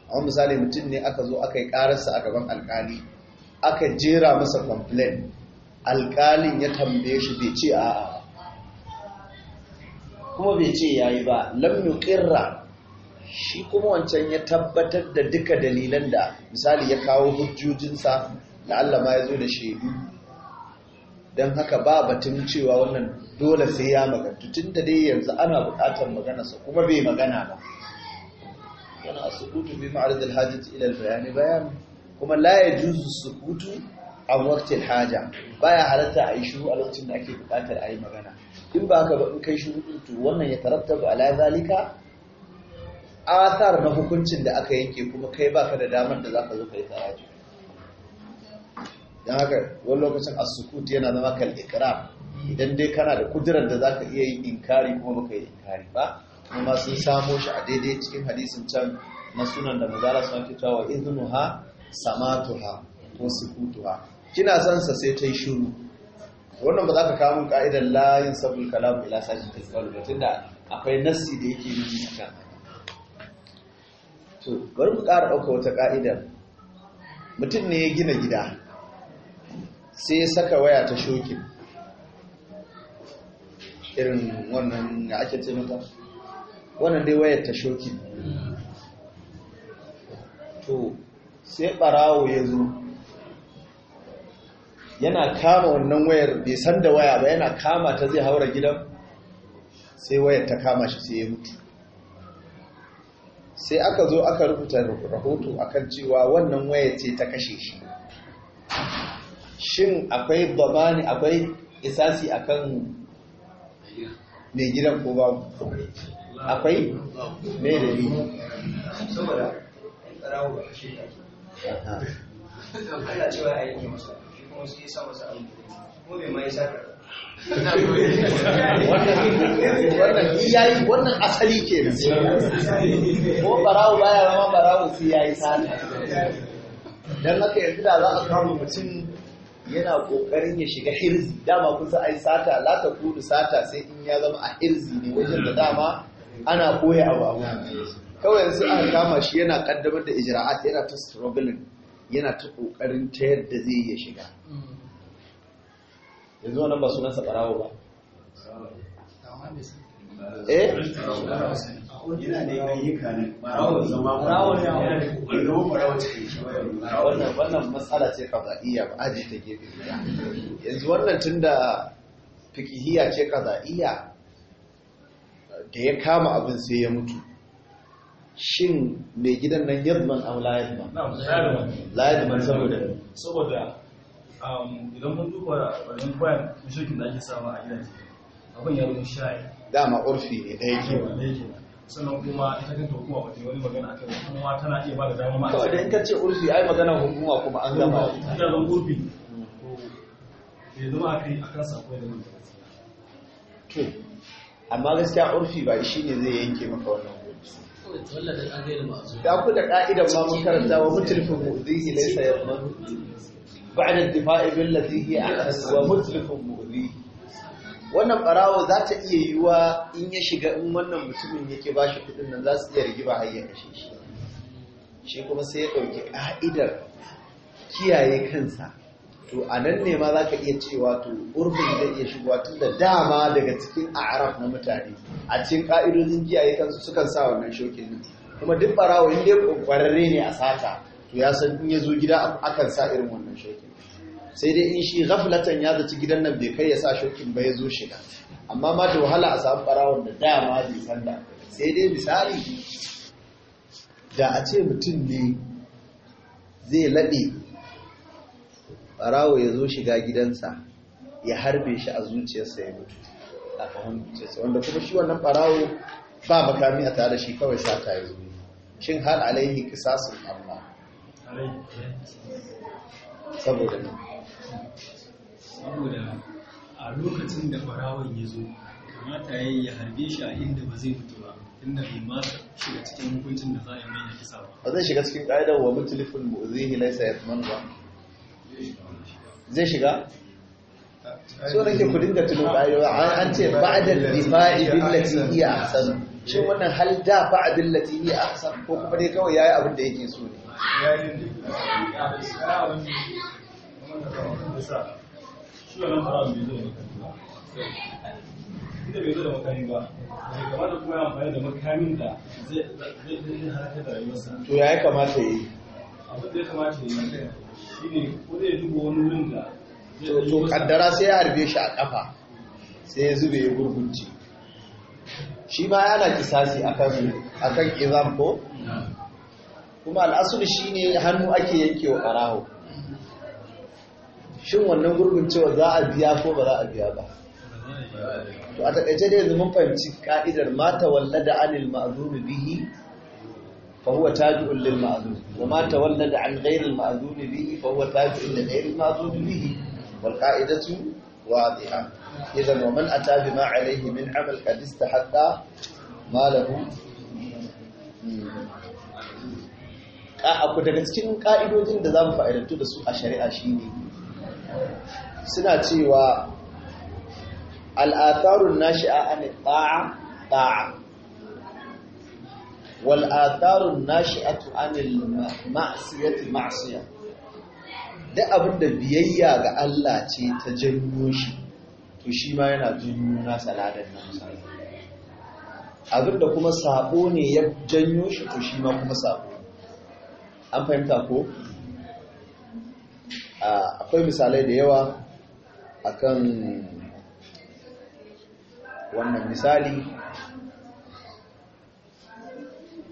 a misali mutum ne aka zo aka yi ƙararsa a gaban alkali aka jera masa complain alƙalin ya tambaye shi bai ce a'a kuma bai ce ya yi ba lam yuqirra shi kuma wancan ya tabbatar da duka dalilan da misali ya kawo hujjojinsa da Allah ma ya zo da shaidu don haka ba batun cewa wannan dole sai ya magantu tun da dai yanzu ana buƙatar maganarsa kuma bai magana ba yana a sukutu bi ma'arz ta ilal bayani bayan kuma la juzu sukutu a waqtil haja Ba ya halatta a yi shiru a lokacin da ake bukatar a yi magana in ba haka ba in kai shuru to wannan ya tarattaba ala zalika asar na hukuncin da aka yanke kuma kai baka da damar da zaka zo kai taraji dan haka wani lokacin as-sukut yana zama kal ikrar idan dai kana da kudirar da zaka iya yin inkari kuma baka yi inkari ba kuma sun samo shi a daidai cikin hadisin can na sunan da mazala sun ke tawa idnuha samatuha ko sukutuha kina san sa sai ta yi shiru wannan ba za ka kawo ka'idar layin sabul kalam ila sashi tasawwur tunda akwai nassi da yake yi kan to bari mu ƙara ɗauka wata ƙa'idar mutum ne ya gina gida sai ya saka waya ta shokin irin wannan da ake ce mata wannan dai wayar ta shokin to sai ɓarawo ya zo yana kama wannan wayar bai san da waya ba yana kama ta zai haura gidan sai wayar ta kama shi sai ya mutu sai aka zo aka rubuta rahoto akan cewa wannan waya ce ta kashe shi shin akwai babani akwai isasi akan mai gidan ko babu akwai da saboda ba kashe ta cewa kuma sa masa abu kuma wannan asali ke nan ko barawo baya zama barawo sai yayi sata Don haka yanzu da za a kama mutum yana kokarin ya shiga hirzi dama kun sa ai sata la ta kudu sata sai in ya zama a hirzi ne wajen da dama ana koya abu abu kawai yanzu aka kama shi yana kaddamar da ijra'at yana ta struggling yana ta kokarin ta yadda zai iya shiga yanzu wannan ba sunansa barawo ba eh yana ne ayyuka ne barawo zama barawo ne wannan barawo ce wannan matsala ce kaza'iyya ba aji ta gefe yanzu wannan tun da fikihiyya ce kaza'iyya da ya kama abin sai ya mutu shin mai gidan nan yadda aw la yadman la yadman saboda saboda Um, idan mun duba wajen bayan mushrikin da ake samu a gidaje abin ya rumu sha'i dama urfi ne da yake wa sannan kuma ita kan hukuma ba wani magana akan hukuma tana iya ba da dama ma to idan ka ce urfi ai magana hukuma kuma an gama ita zan urfi to ya zama kan sa sako da mun to amma gaskiya urfi ba shi ne zai yanke maka wannan da ku da ka'idan ma mun karanta wa mutulfin mu'zi ilaysa yamma ba'da الدفاع difai هي hi ومتلف wa wannan barawo za ta iya yiwuwa in ya shiga in wannan mutumin yake ba shi kudin nan za su iya rigi ba ya kashe shi shi kuma sai ya ɗauki ƙa'idar kiyaye kansa to a nan ne ma za ka iya cewa to urbin zai iya shigowa tun da dama daga cikin arab na mutane a cikin ƙa'idodin kiyaye kansu sukan sa wannan shokin nan kuma duk ɓarawo in dai ƙwararre ne a sata to ya san in ya zo gida akan sa irin wannan shokin sai dai in shi gaflatan ya zaci gidan nan bai kai ya sa shokin ba ya zo shiga amma ma da wahala a samu barawon da dama bai san da sai dai misali da a ce mutum ne zai laɗe barawo ya zo shiga gidansa ya harbe shi a zuciyarsa ya mutu a fahimtarsa wanda kuma shi wannan barawo ba makami a tare shi kawai sata ya zo shin har alaihi kisasun amma saboda ne saboda a lokacin da farawan ya zo kamata ya yi harbe shi a inda ba zai mutu ba inda bai ma shiga cikin hukuncin da za a yi mai kisa ba ba zai shiga cikin ƙa'idar wa mutulifin mu'zihi laisa man ba zai shiga so ke ku dinga tuno ƙa'idar an ce da difa'i billati a ahsan shin wannan hal da fa'a billati a ahsan ko kuma dai kawai yi abin da yake so ne shugaban bai zo da ba kamata kuma da to ya kamata ya yi to kaddara sai ya harbe shi a ƙafa sai ya zube ya gurgunci. shi ma yana kisasi akan kan izam ko kuma al'asur ne hannu ake yankewa barawo shin wannan gurbin cewa za a biya ko ba za a biya ba to a takaice dai yanzu mun fahimci ka'idar mata walla da anil ma'zumi bihi fa huwa tabi'un lil ma'zum wa ma tawallada an ghayri al ma'zumi bihi fa huwa tabi'un li ghayri al ma'zumi bihi wal qa'idatu واضحة إذا ومن أتى بما عليه من عمل قد استحق ما له abu daga cikin ƙa'idojin da zamu fa'idantu da su a shari'a shi ne suna cewa al'atharun nashi'a an ta'a ta'a wal atharun nashi'atu an ma'siyati ma'siya duk abinda biyayya ga Allah ce ta janyo shi to shi ma yana janyo nasa ladan nasa abinda kuma sabo ne ya janyo shi to shi ma kuma sabo an fahimta ko akwai misalai da yawa akan wannan misali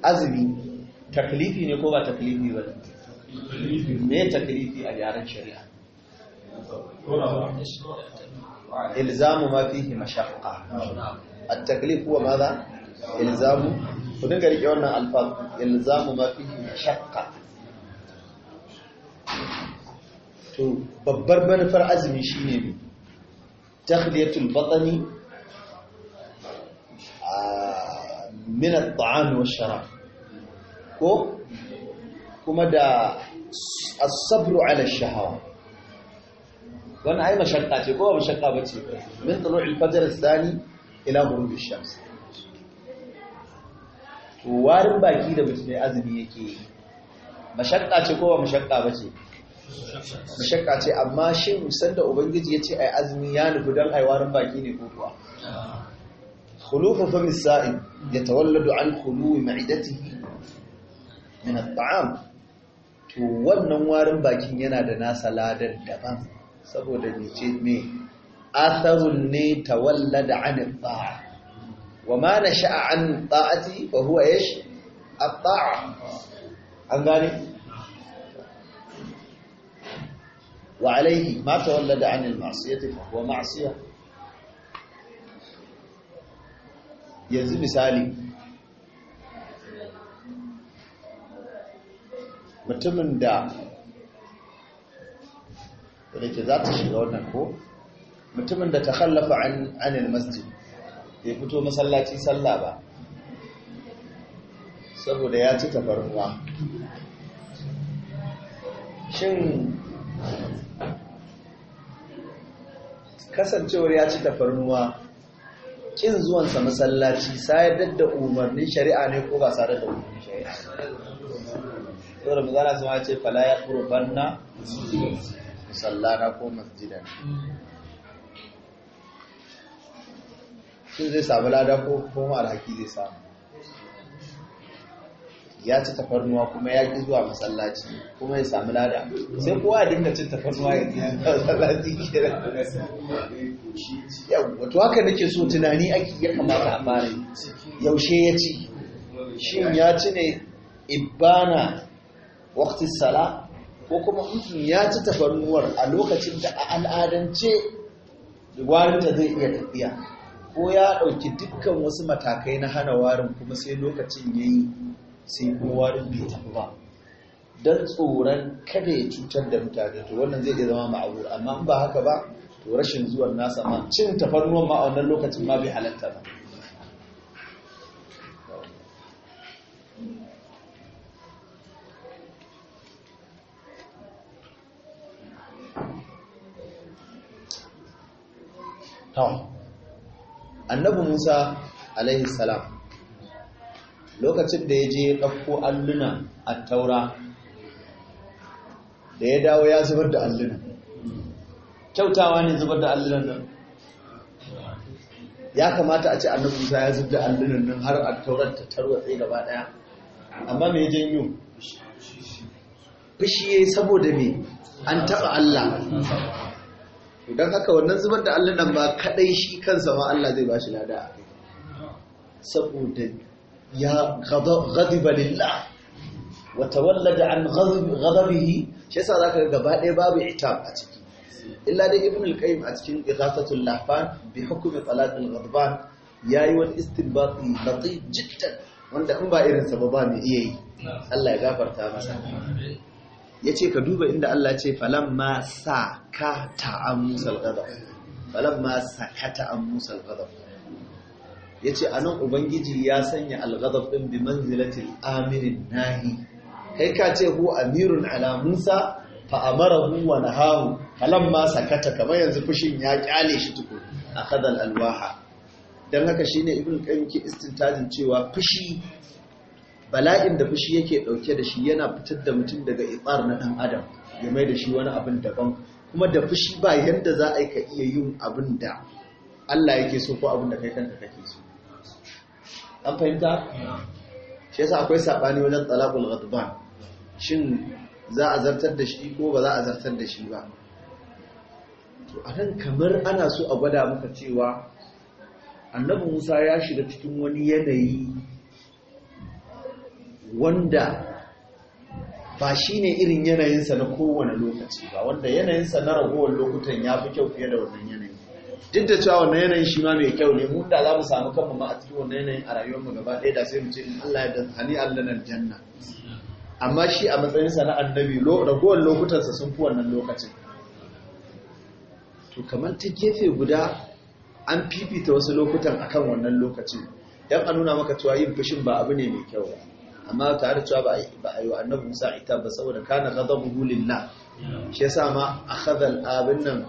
azumi taklifi ne ko ba taklifi ba ne taklifi a yaren shari'a ilzamu ma fihi mashaqqa at-taklif huwa madha ilzamu ku dinga rike wannan alfa ilzamu ma fihi mashaqqa to babbar manufar azumi shi ne takhliyatul batani min at-ta'am wa sharab ko kuma da as-sabru 'ala ash-shahawa wannan ai mashakka ce ko mashakka bace min tulu'il fajr ath-thani ila ghurub ash-shams warin baki da mutum azumi yake yi mashakka ce ko mashakka bace mashakka ce amma shin sanda ubangiji ya ce ai azumi ya nufi don aiwarin warin baki ne ko kuwa khulufu fa misa'in yatawalladu an khuluwi ma'idati min ta'am to wannan warin bakin yana da nasa ladar daban saboda ne ce me atharun ne tawallada an ta'a wa ma sha'a an ta'ati ba huwa shi A taa an gane وعليه ما تولد عن المعصية فهو معصية yanzu misali mutumin da da ke za ta shiga wannan ko mutumin da ta hallafa anil masjid bai fito masallaci sallah ba saboda ya ci tafarnuwa shin kasancewar ya ci tafarnuwa kin zuwansa masallaci sayar da umarnin shari'a ne ko ba sadar da umarnin shari'a saboda mu zana sun ce fala ya qurbanna musallana ko masjidan shin zai samu lada ko kuma alhaki zai samu ya ci tafarnuwa kuma ya ki zuwa masallaci kuma ya samu lada sai kowa ya dinga cin tafarnuwa ya ki masallaci kira wato haka nake so tunani ake ya kamata a fara yaushe ya ci shin ya ci ne ibana wakti sala ko kuma ya ci tafarnuwar a lokacin da a al'adance warinta zai iya tafiya ko ya ɗauki dukkan wasu matakai na hana warin kuma sai lokacin ya yi sai kowa warin bai tafi ba don tsoron kada ya cutar da mutane to wannan zai iya zama ma'abu amma in ba haka ba to rashin zuwan nasa ma cin tafarnuwan ma a wannan lokacin ma bai halatta ba annabi musa alaihi salam lokacin da ya je ɗauko alluna a taura da ya dawo ya zubar da alluna kyautawa ne zubar da allunan nan ya kamata a ce annabi musa ya zubar da allunan nan har a taurar ta tarwatse gaba ɗaya amma me janyo fushi yayi saboda me an taɓa allah don haka wannan zubar da allunan ba kaɗai shi kansa ma allah zai ba shi lada saboda ya ghadiba lillah wa tawallada an ghadabihi shi yasa zaka ga gaba ɗaya babu itab a ciki illa dai ibn al-qayyim a cikin ighathatul lahfan bi hukmi talaq al-ghadban yayi wani istinbati latif jiddan wanda in ba irin sa ba ba mai iya yi Allah ya gafarta masa yace ka duba inda Allah ya ce falamma sakata an musal ghadab falamma sakata an musal ghadab ya ce a nan ubangiji ya sanya alghadab ɗin bi manzilatil amirin nahi kai ka ce hu amirun ala musa fa hu wa nahahu ma sakata kamar yanzu fushin ya kyale shi tukun akhadha alwaha dan haka shine ibn qayyim ke istintajin cewa fushi bala'in da fushi yake dauke da shi yana fitar da mutum daga ibar na dan adam ya mai da shi wani abin daban kuma da fushi ba yanda za a yi ka iya yin abin da Allah yake so ko abin da kai kanka kake so an fahimta shi yasa akwai sabani wajen talaqul ghadban shin za a zartar da shi ko ba za a zartar da shi ba to anan kamar ana so a gwada maka cewa annabi Musa ya shiga cikin wani yanayi wanda ba shi ne irin yanayinsa na kowane lokaci ba wanda yanayinsa na ragowar lokutan ya fi kyau fiye da wannan yanayi duk da cewa wannan yanayin shi ma mai kyau ne mun da za mu samu kanmu ma a cikin wannan yanayin a rayuwarmu gaba ɗaya da sai mu ce in Allah ya da hani Allah nan janna amma shi a matsayin sa na annabi ragowar sa sun fi wannan lokacin to kamar ta gefe guda an fifita wasu lokutan akan wannan lokacin dan a nuna maka cewa yin fushin ba abu ne mai kyau ba amma tare da cewa ba a yi wa annabi Musa ita ba saboda kana ghadabu lillah shi yasa ma akhadha al-abin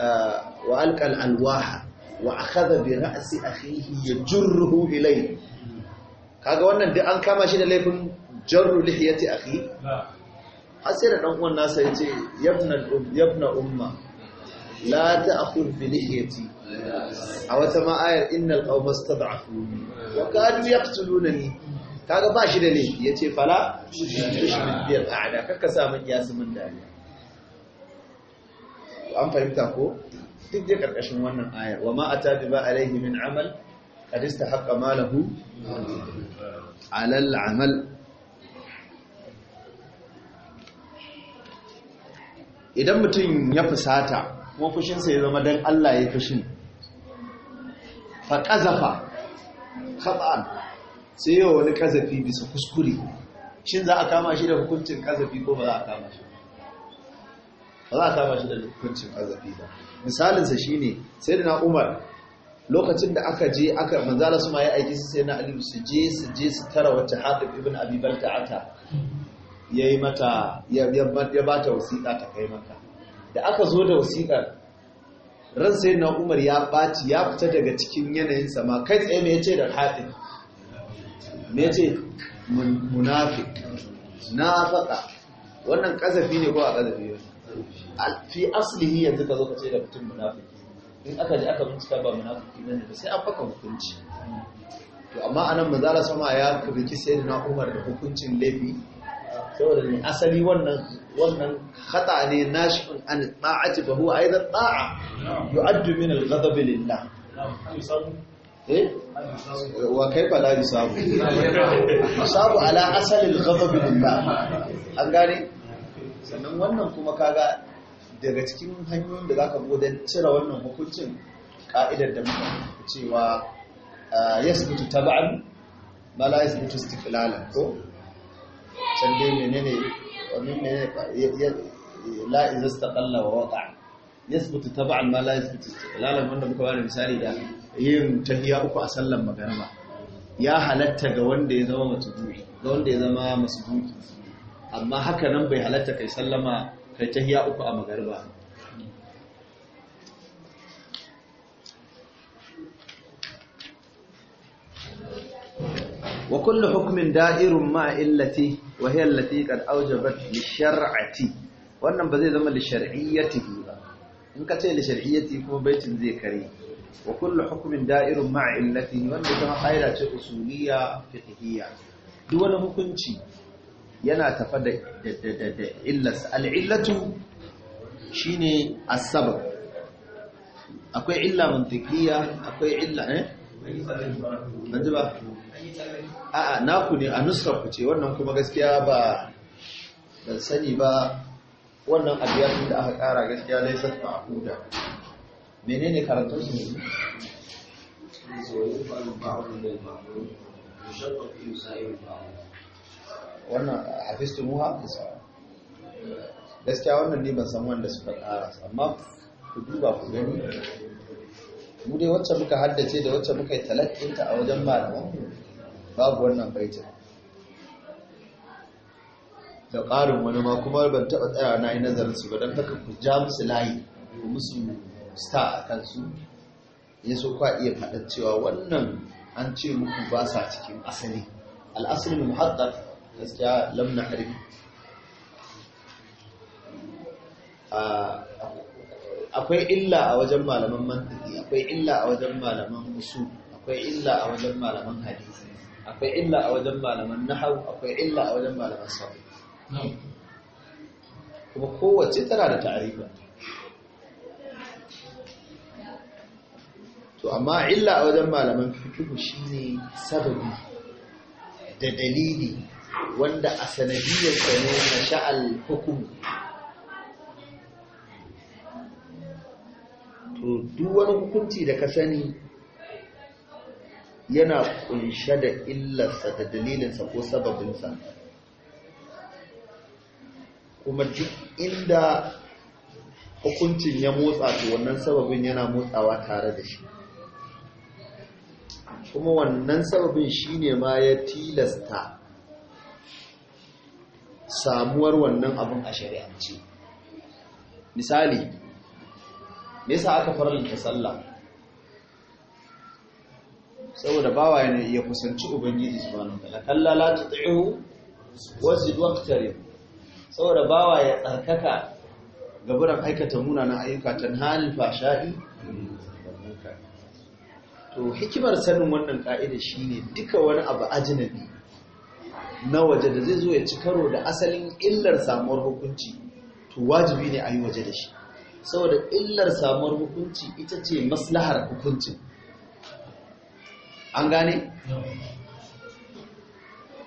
ah, wa alqal alwaha wa akhadha bi ra'si akhihi yajruhu ilay kaga wannan duk an kama shi da laifin jarru lihiyati akhi har sai da dan uwan nasa yace yabna um, yabna umma la ta'khudh bi lihiyati a wata ma ayar innal qawma istad'afuni wa kadu yaqtulunani kaga ba shi da laifi yace fala tushrik bil a'da kakka sa mun yasu mun dariya an fahimta ko duk dai karkashin wannan ayar wa ma atabi ba alaihi min amal qad istahaqqa malahu ala al-amal idan mutum ya fusata ko fushinsa ya zama dan Allah ya fushin fa qazafa khata'an sai yau wani kazafi bisa kuskure shin za a kama shi da hukuncin kazafi ko ba za a kama shi ba za a kama shi da hukuncin kazafi ba misalinsa shine sai da na umar lokacin da aka je aka manzala su ma ya aiki su sai na aliyu su je su je su tara wacce haɗin ibn ta ata ya yi mata ya ba ta wasiƙa ta kai maka da aka zo da wasiƙar ran sai na umar ya ɓaci ya fita daga cikin yanayin sama kai tsaye me ce da haɗin me ce munafi na faɗa wannan ƙazafi ne ko a ƙazafi ne fi aslihi yanzu ka zo ka ce da mutum munafiki in aka ji aka bincika ba munafiki nan da sai an faka hukunci to amma anan manzala sama ya sai sayyidina Umar da hukuncin laifi saboda ne asali wannan wannan khata ne nashin an ta'ati fa huwa aidan ta'a yu'addu min al-ghadab lillah eh wa kaifa la yusabu yusabu ala asali al-ghadab lillah an gane sannan wannan kuma kaga daga cikin hanyoyin da za ka bude cire wannan hukuncin ka'idar da muka cewa ah, yasbutu taba'an ma la yasbutu istiqlalan ko can dai menene wannan ne la iza istaqalla wa waqa'a yasbutu taba'an ma la yasbutu istiqlalan wanda muka bada misali da yin tahiya uku a sallan magana ya halatta ga wanda ya zama masu ga wanda ya zama masbuki amma haka nan bai halatta kai sallama kai tahiya uku a magarba wa kullu hukmin da'irun ma illati wa hiya allati qad awjabat li shar'ati wannan ba zai zama li shar'iyyatihi ba in ka ce li shar'iyyati kuma baitin zai kare wa kullu hukmin da'irun ma illati wanda kuma qaida ce usuliyya fiqhiyya duk wani hukunci yana tafa da illarsa al'illatu shi ne asabar akwai illa mantakiya akwai illa eh na ji ba a a naku ne a ku ce wannan kuma gaskiya ba ban sani ba wannan abiyatun da aka kara gaskiya laisar sassa a huda menene karantar su ne Thank you. wannan hafistu muha da sauran gaskiya wannan ne ban san wanda suka kara amma ku duba ku gani mu dai wacce muka haddace da wacce muka yi talakinta a wajen malaman babu wannan baitin da ƙarin wani ma kuma ban taɓa tsaya na yi nazarin su ba don haka ku ja musu layi ku musu star a kansu ya so kwa iya faɗa cewa wannan an ce muku ba sa cikin asali al'asalin muhaddar gaskiya lamna harbi akwai illa a wajen malaman mantiki akwai illa a wajen malaman musu, akwai illa a wajen malaman hadisi akwai illa a wajen malaman nahau, akwai illa a wajen malaman sauri. kuma kowace tana da ta'arifa to amma illa a wajen malaman fikihu shine sababi da dalili wanda a sanadiyarsa ne na sha'al hukum? to duk wani hukunci da ka sani yana kunshe da illarsa da dalilinsa ko sababinsa kuma duk inda hukuncin ya motsa to wannan sababin yana motsawa tare da shi kuma wannan sababin shine ma ya tilasta samuwar wannan abin a shari'ance misali me yasa aka farlanta sallah saboda bawa yana iya kusanci ubangiji subhanahu wataala kalla la tuti'u wazid waqtarib saboda bawa ya tsarkaka gaburan aikata munanan ayyuka tanhalil fashai to hikimar sanin wannan ka'ida shine duka wani abu ajnabi na waje da zai zo ya ci karo da asalin illar samuwar hukunci to wajibi ne a yi waje da shi saboda illar samuwar hukunci ita ce maslahar hukuncin an gane?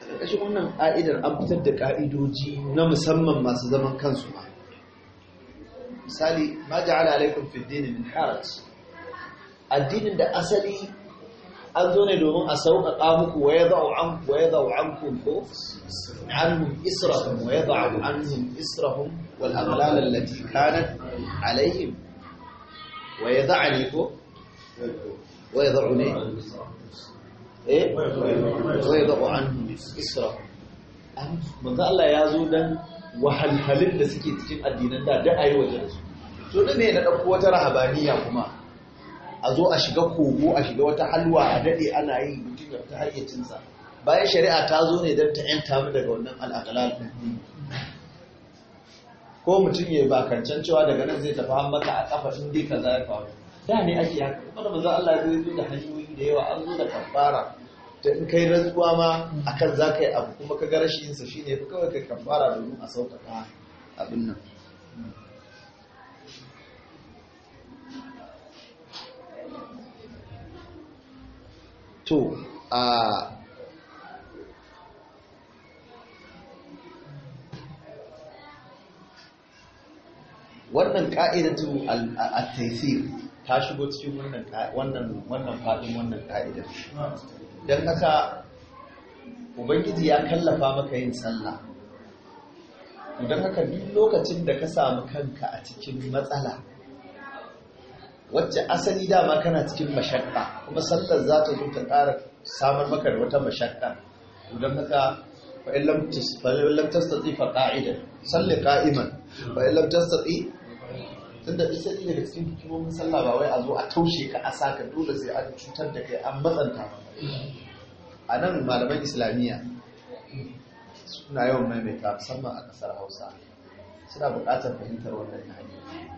ƙarƙashin wannan ƙa'idar an fitar da ƙa'idoji na musamman masu zaman kansu ma misali ma ja'ala alaikum fi min haraj addinin da asali an zo ne domin a sauƙaƙa muku wa ya za'u an wa ya za'u an kun ko anhum israhum wa ya za'u anhum israhum wal aghlal allati kanat alaihim wa ya za'ani ko wa ya za'u ne eh wa ya za'u anhum israhum manzo Allah ya zo dan wahalhalin da suke cikin addinan da da ayi waje da su to ne na dauko wata rahabaniya kuma a zo a shiga kogo a shiga wata halwa a daɗe ana yi mutum ya fita hayyacinsa bayan shari'a ta zo ne don ta yanta mu daga wannan al'akalar ko mutum ya bakancan cewa daga nan zai tafi an a kafa in dai kaza ya faru da ne ake haka wanda manzo Allah zai zo da hanyoyi da yawa an zo da kamfara da in kai rantsuwa ma akan za ka yi abu kuma ka ga rashin sa fi kawai kai kamfara domin a sauƙaƙa abin nan to a wannan ka'idatu al-taysir ta shigo cikin wannan wannan wannan fadin wannan ka'idar dan haka ubangiji ya kallafa maka yin sallah idan haka duk lokacin da ka samu kanka a cikin matsala wacce asali dama kana cikin mashakka kuma sallar za ta zo ta ƙara samar maka da wata mashakka don haka fa'in lam tastati fa qa'ida salli qa'iman fa'in lam tunda daga cikin hukumomin sallah ba wai a zo a taushe ka a saka dole sai an cutar da kai an matsanta a nan malaman islamiyya suna yawan maimaita musamman a ƙasar hausa suna buƙatar fahimtar wannan hanyar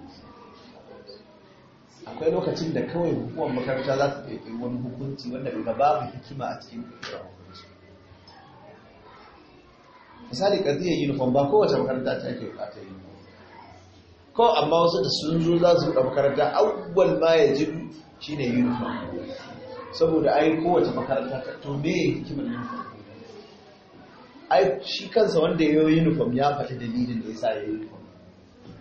akwai lokacin da kawai hukumar makaranta za ta ɗaiɗe wani hukunci wanda daga babu hikima a cikin ƙirƙirar hukunci misali yi uniform ba kowace makaranta ta ke buƙatar uniform ko amma wasu da sun zo za su buɗe makaranta abubuwan ma ya ji shi ne uniform saboda ai kowace makaranta ta to me hikimar uniform ai shi kansa wanda ya yi uniform ya fata dalilin da ya sa ya yi uniform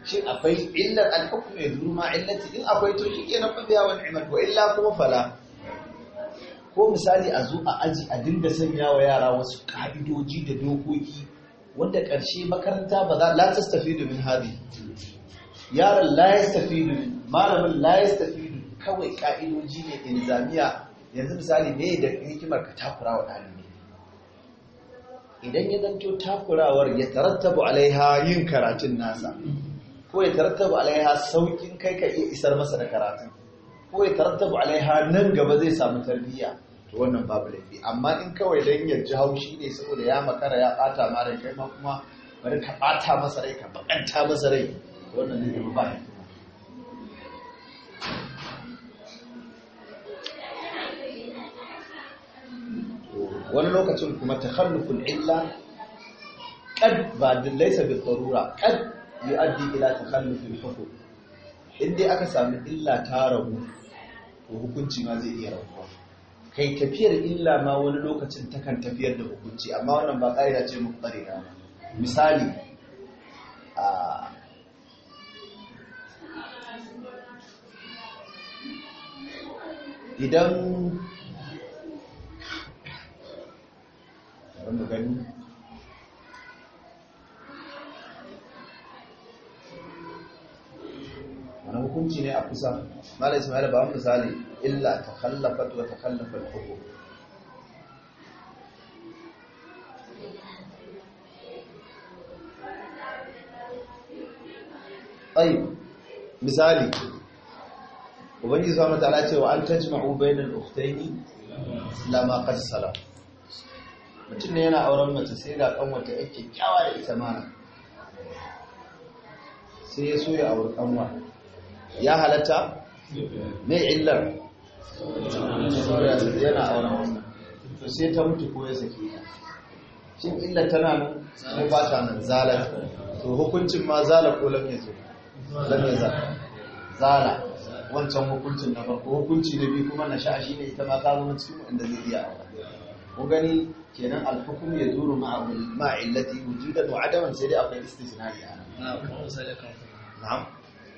shi akwai illar alhukum ya zuru ma illati in akwai to shi kenan fa biya wani imar ko illa kuma fala ko misali a zo a aji a dinga sanya wa yara wasu ka'idoji da dokoki wanda ƙarshe makaranta ba za la da min hadi yaron la ya tafi da malamin la ya tafi da kawai ka'idoji ne nizamiya, yanzu misali me da hikimar ka takura wa ɗalibi idan ya zanto takurawar ya tarattabu alaiha yin karatun nasa ko ya tarattabu alaiha saukin kai ka iya isar masa da karatu ko ya tarattabu alaiha nan gaba zai samu tarbiyya to wannan babu laifi amma in kawai dan ya ji haushi ne saboda ya makara ya bata ma rai kai ma kuma bari ka bata masa rai ka bakanta masa rai wannan ne zama ba wani lokacin kuma kun illa kad ba laisa bi darura kad yu'addi ila takhallufil hukm in dai aka sami illa ta rabu to hukunci ma zai iya rabuwa kai tafiyar illa ma wani lokacin takan tafiyar da hukunci amma wannan ba ƙa'ida ce muku ƙare na misali a idan wanda gani wani hukunci ne a kusa mala ismail ba misali illa ta kallafa wa ta da hukun طيب misali ubangiji subhanahu wataala ce wa an taji bainal ukhtaini la ma qad salam. mutum ne yana auren mace sai ga kan wata yake kyakkyawa da ita mana sai ya so ya auri kanwa ya halatta mai illar yana auna wannan sai ta mutu ko ya sake shi shin illar tana nan ko ba ta nan zala to hukuncin ma zala ko lam yazo lam yazo zala wancan hukuncin na farko hukunci na biyu kuma na sha'a shine ita ma ta zama cikin inda zai iya aure ko gani kenan alhukum ya zuru ma'a illati wujudan wa adaman sai dai akwai istisnai ana na'am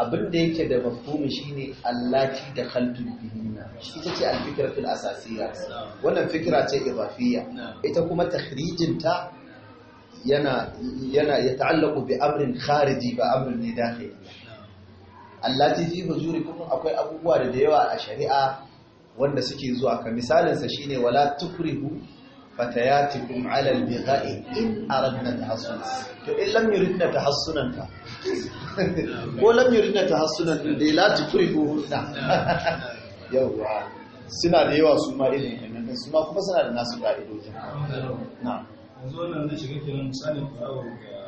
abin da yake da mafhumi shine allati da khaltu bihinna ita ce alfikratul asasiya wannan fikira ce ibafiya ita kuma takhrijin ta yana yana ya bi amrin khariji ba amrin ne dakhili allati fi hujurikum akwai abubuwa da yawa a shari'a wanda suke zuwa ka misalin sa shine wala tukrihu fatayatikum ala albigha'i in aradna tahassunan to in lam yuridna tahassunan ta. ko lam yuridna tahassunan din dai la tukrihuhunna yawa suna da yawa su ma irin nan su ma kuma suna da nasu ka'idojin na yanzu wannan zai shiga kiran misalin fa'awar ga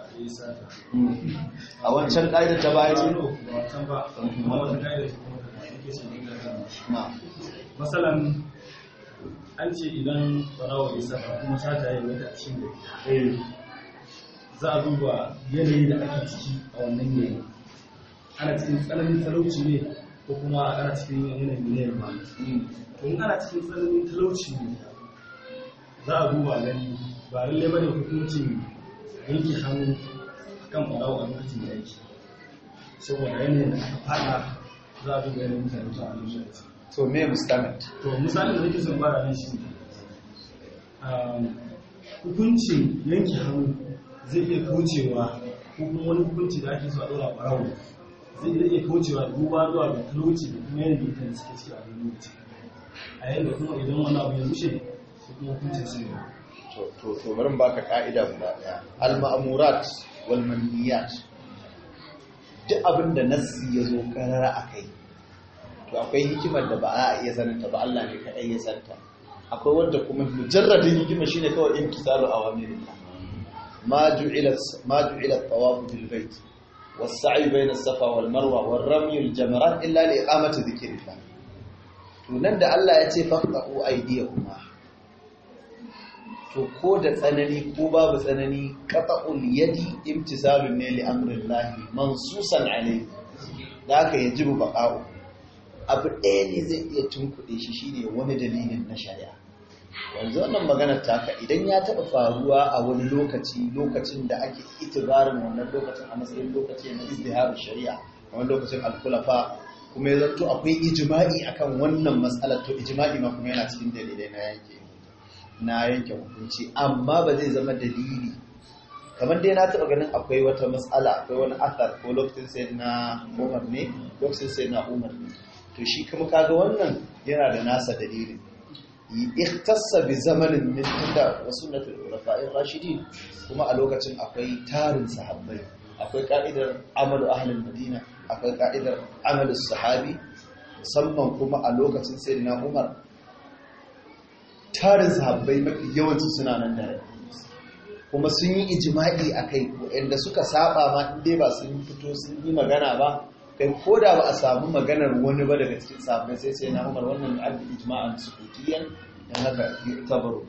a wancan ƙa'idar ta baya ce ba wancan ba kuma wata ƙa'idar ta kuma ta ke sanin da masalan an ce idan Farawa ya saka kuma sata ya wata a cikin gari za a duba yanayi da ake ciki a wannan yanayi ana cikin tsananin talauci ne ko kuma ana cikin yanayi ne yamma to in ana cikin tsananin talauci ne za a duba gani ba lalle bane hukuncin yanke hannu kan Farawa a lokacin da yake saboda yanayin da aka fada za a duba yanayin mutane ta a lokacin to me mustamil to misalin da nake son fara nan shi um, hukuncin yanke hannu zai iya kaucewa ko kuma wani hukunci da ake so a dora barawo zai iya kaucewa duba zuwa ga talauci da kuma yanayin mutane suke ciki a wani lokaci a yadda kuma idan wani abu ya rushe ko kuma hukuncin su ne to to barin baka ka'ida guda daya al-ma'murat wal manhiyat duk abinda nassi yazo karara akai to akwai hikimar da ba a iya sanata ba Allah ne kaɗai ya zanta. akwai wanda kuma mujarradin hikima shine kawai in kisaru awamirillah ma ju'ila ma ju'ila tawaf bil bait was sa'i bayna safa wal marwa wal ramy al jamarat illa li iqamati dhikrillah to nan da Allah ya ce faqta'u aydiyakuma to ko da tsanani ko babu tsanani qata'ul yadi imtisalun ne li amrillahi mansusan alayhi da haka yajibu baqa'u abu ɗaya ne zai iya tunkuɗe shi shine wani dalilin na shari'a yanzu wannan magana taka idan ya taɓa faruwa a wani lokaci lokacin da ake itibarin wannan lokacin a matsayin lokaci na izdiharar shari'a wani lokacin alkulafa kuma ya zanto akwai ijima'i akan wannan matsalar to ijima'i ma kuma yana cikin dalilai na yanke na yanke hukunci amma ba zai zama dalili kamar dai na taɓa ganin akwai wata matsala akwai wani athar ko lokacin sai na umar ne lokacin sai na umar ne to shi kuma kaga wannan yana da nasa dalilin ikhtassa bi zamanin min tunda wa sunnatul ulafa'ir rashidin kuma a lokacin akwai tarin sahabbai akwai ka'idar amalu ahlul madina akwai ka'idar amalu sahabi musamman kuma a lokacin sayyidina umar tarin sahabbai mafi yawanci suna nan da kuma sun yi ijma'i akai wanda suka saba ma dai ba sun fito sun yi magana ba kai ko da ba a samu maganar wani ba daga cikin sabbin sai sai na umar wannan alfi ijma'an sukutiyan dan haka yu'tabaru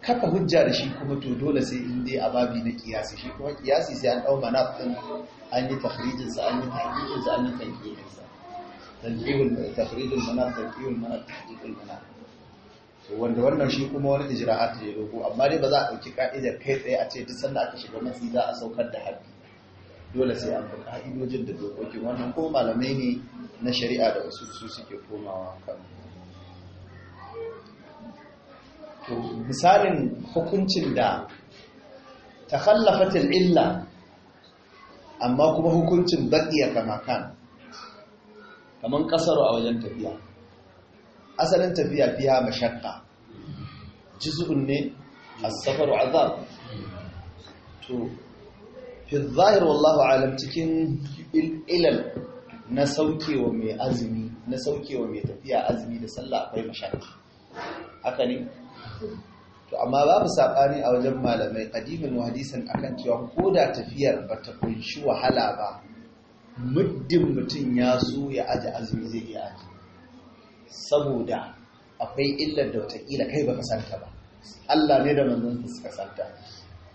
kafa hujja da shi kuma to dole sai in dai ababi na kiyasi shi kuma kiyasi sai an dau manaf din an yi takhrijin sa an yi tahqiqin sa an yi tanqiqin sa tanqiqul takhrijul manaf tanqiqul manaf tahqiqul manaf wanda wannan shi kuma wani ta yi dogo amma dai ba za a ɗauki ka'idar kai tsaye a ce duk sanda aka shiga matsi za a saukar da haɗi. dole sai an bi ka'idojin da dokokin wannan ko malamai ne na shari'a da wasu su suke komawa kan to misalin hukuncin da takhallafatil illa amma kuma hukuncin baqiya kama kan kaman kasaro a wajen tafiya asalin tafiya fiya mashakka juz'un ne a safaru azab to fi zahir wallahu alam cikin ilal na saukewa mai azumi na saukewa mai tafiya azumi da sallah akwai mashaka haka ne to amma babu sabani a wajen malamai qadimin wa hadisan akan cewa ko da tafiyar ba ta kunshi wahala ba muddin mutum ya so ya aje azumi zai iya aji saboda akwai illar da wataƙila kai baka santa ba Allah ne da manzon suka santa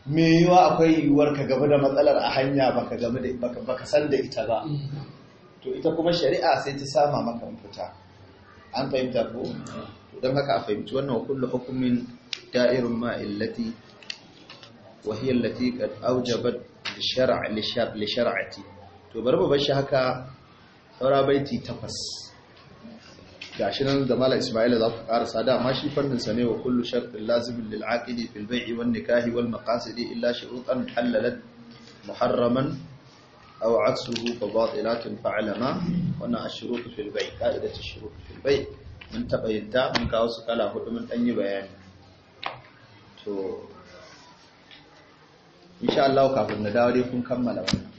me yiwa akwai yiwuwar ka gaba da matsalar a hanya baka gaba san da ita ba to ita kuma shari'a sai ta sama maka mafita an fahimta ko to dan haka a fahimci wannan kullu hukumin da'irun ma illati wa hiya allati qad awjabat li shar'i li to bari mu bar shi haka saura baiti takwas gashi nan da mala ismaila za ku karasa dama shi fannin sa ne wa kullu shartin lazimin lil aqidi fil bai'i wan nikahi wal maqasidi illa shurutan halalat muharraman aw aksuhu fa batilatin fa alama wannan ashurut fil bai'i qa'idatu shurut fil bai'i mun taba yinta mun kawo su kala hudu mun dan yi bayani to insha Allah kafin na dawo dai kun kammala wannan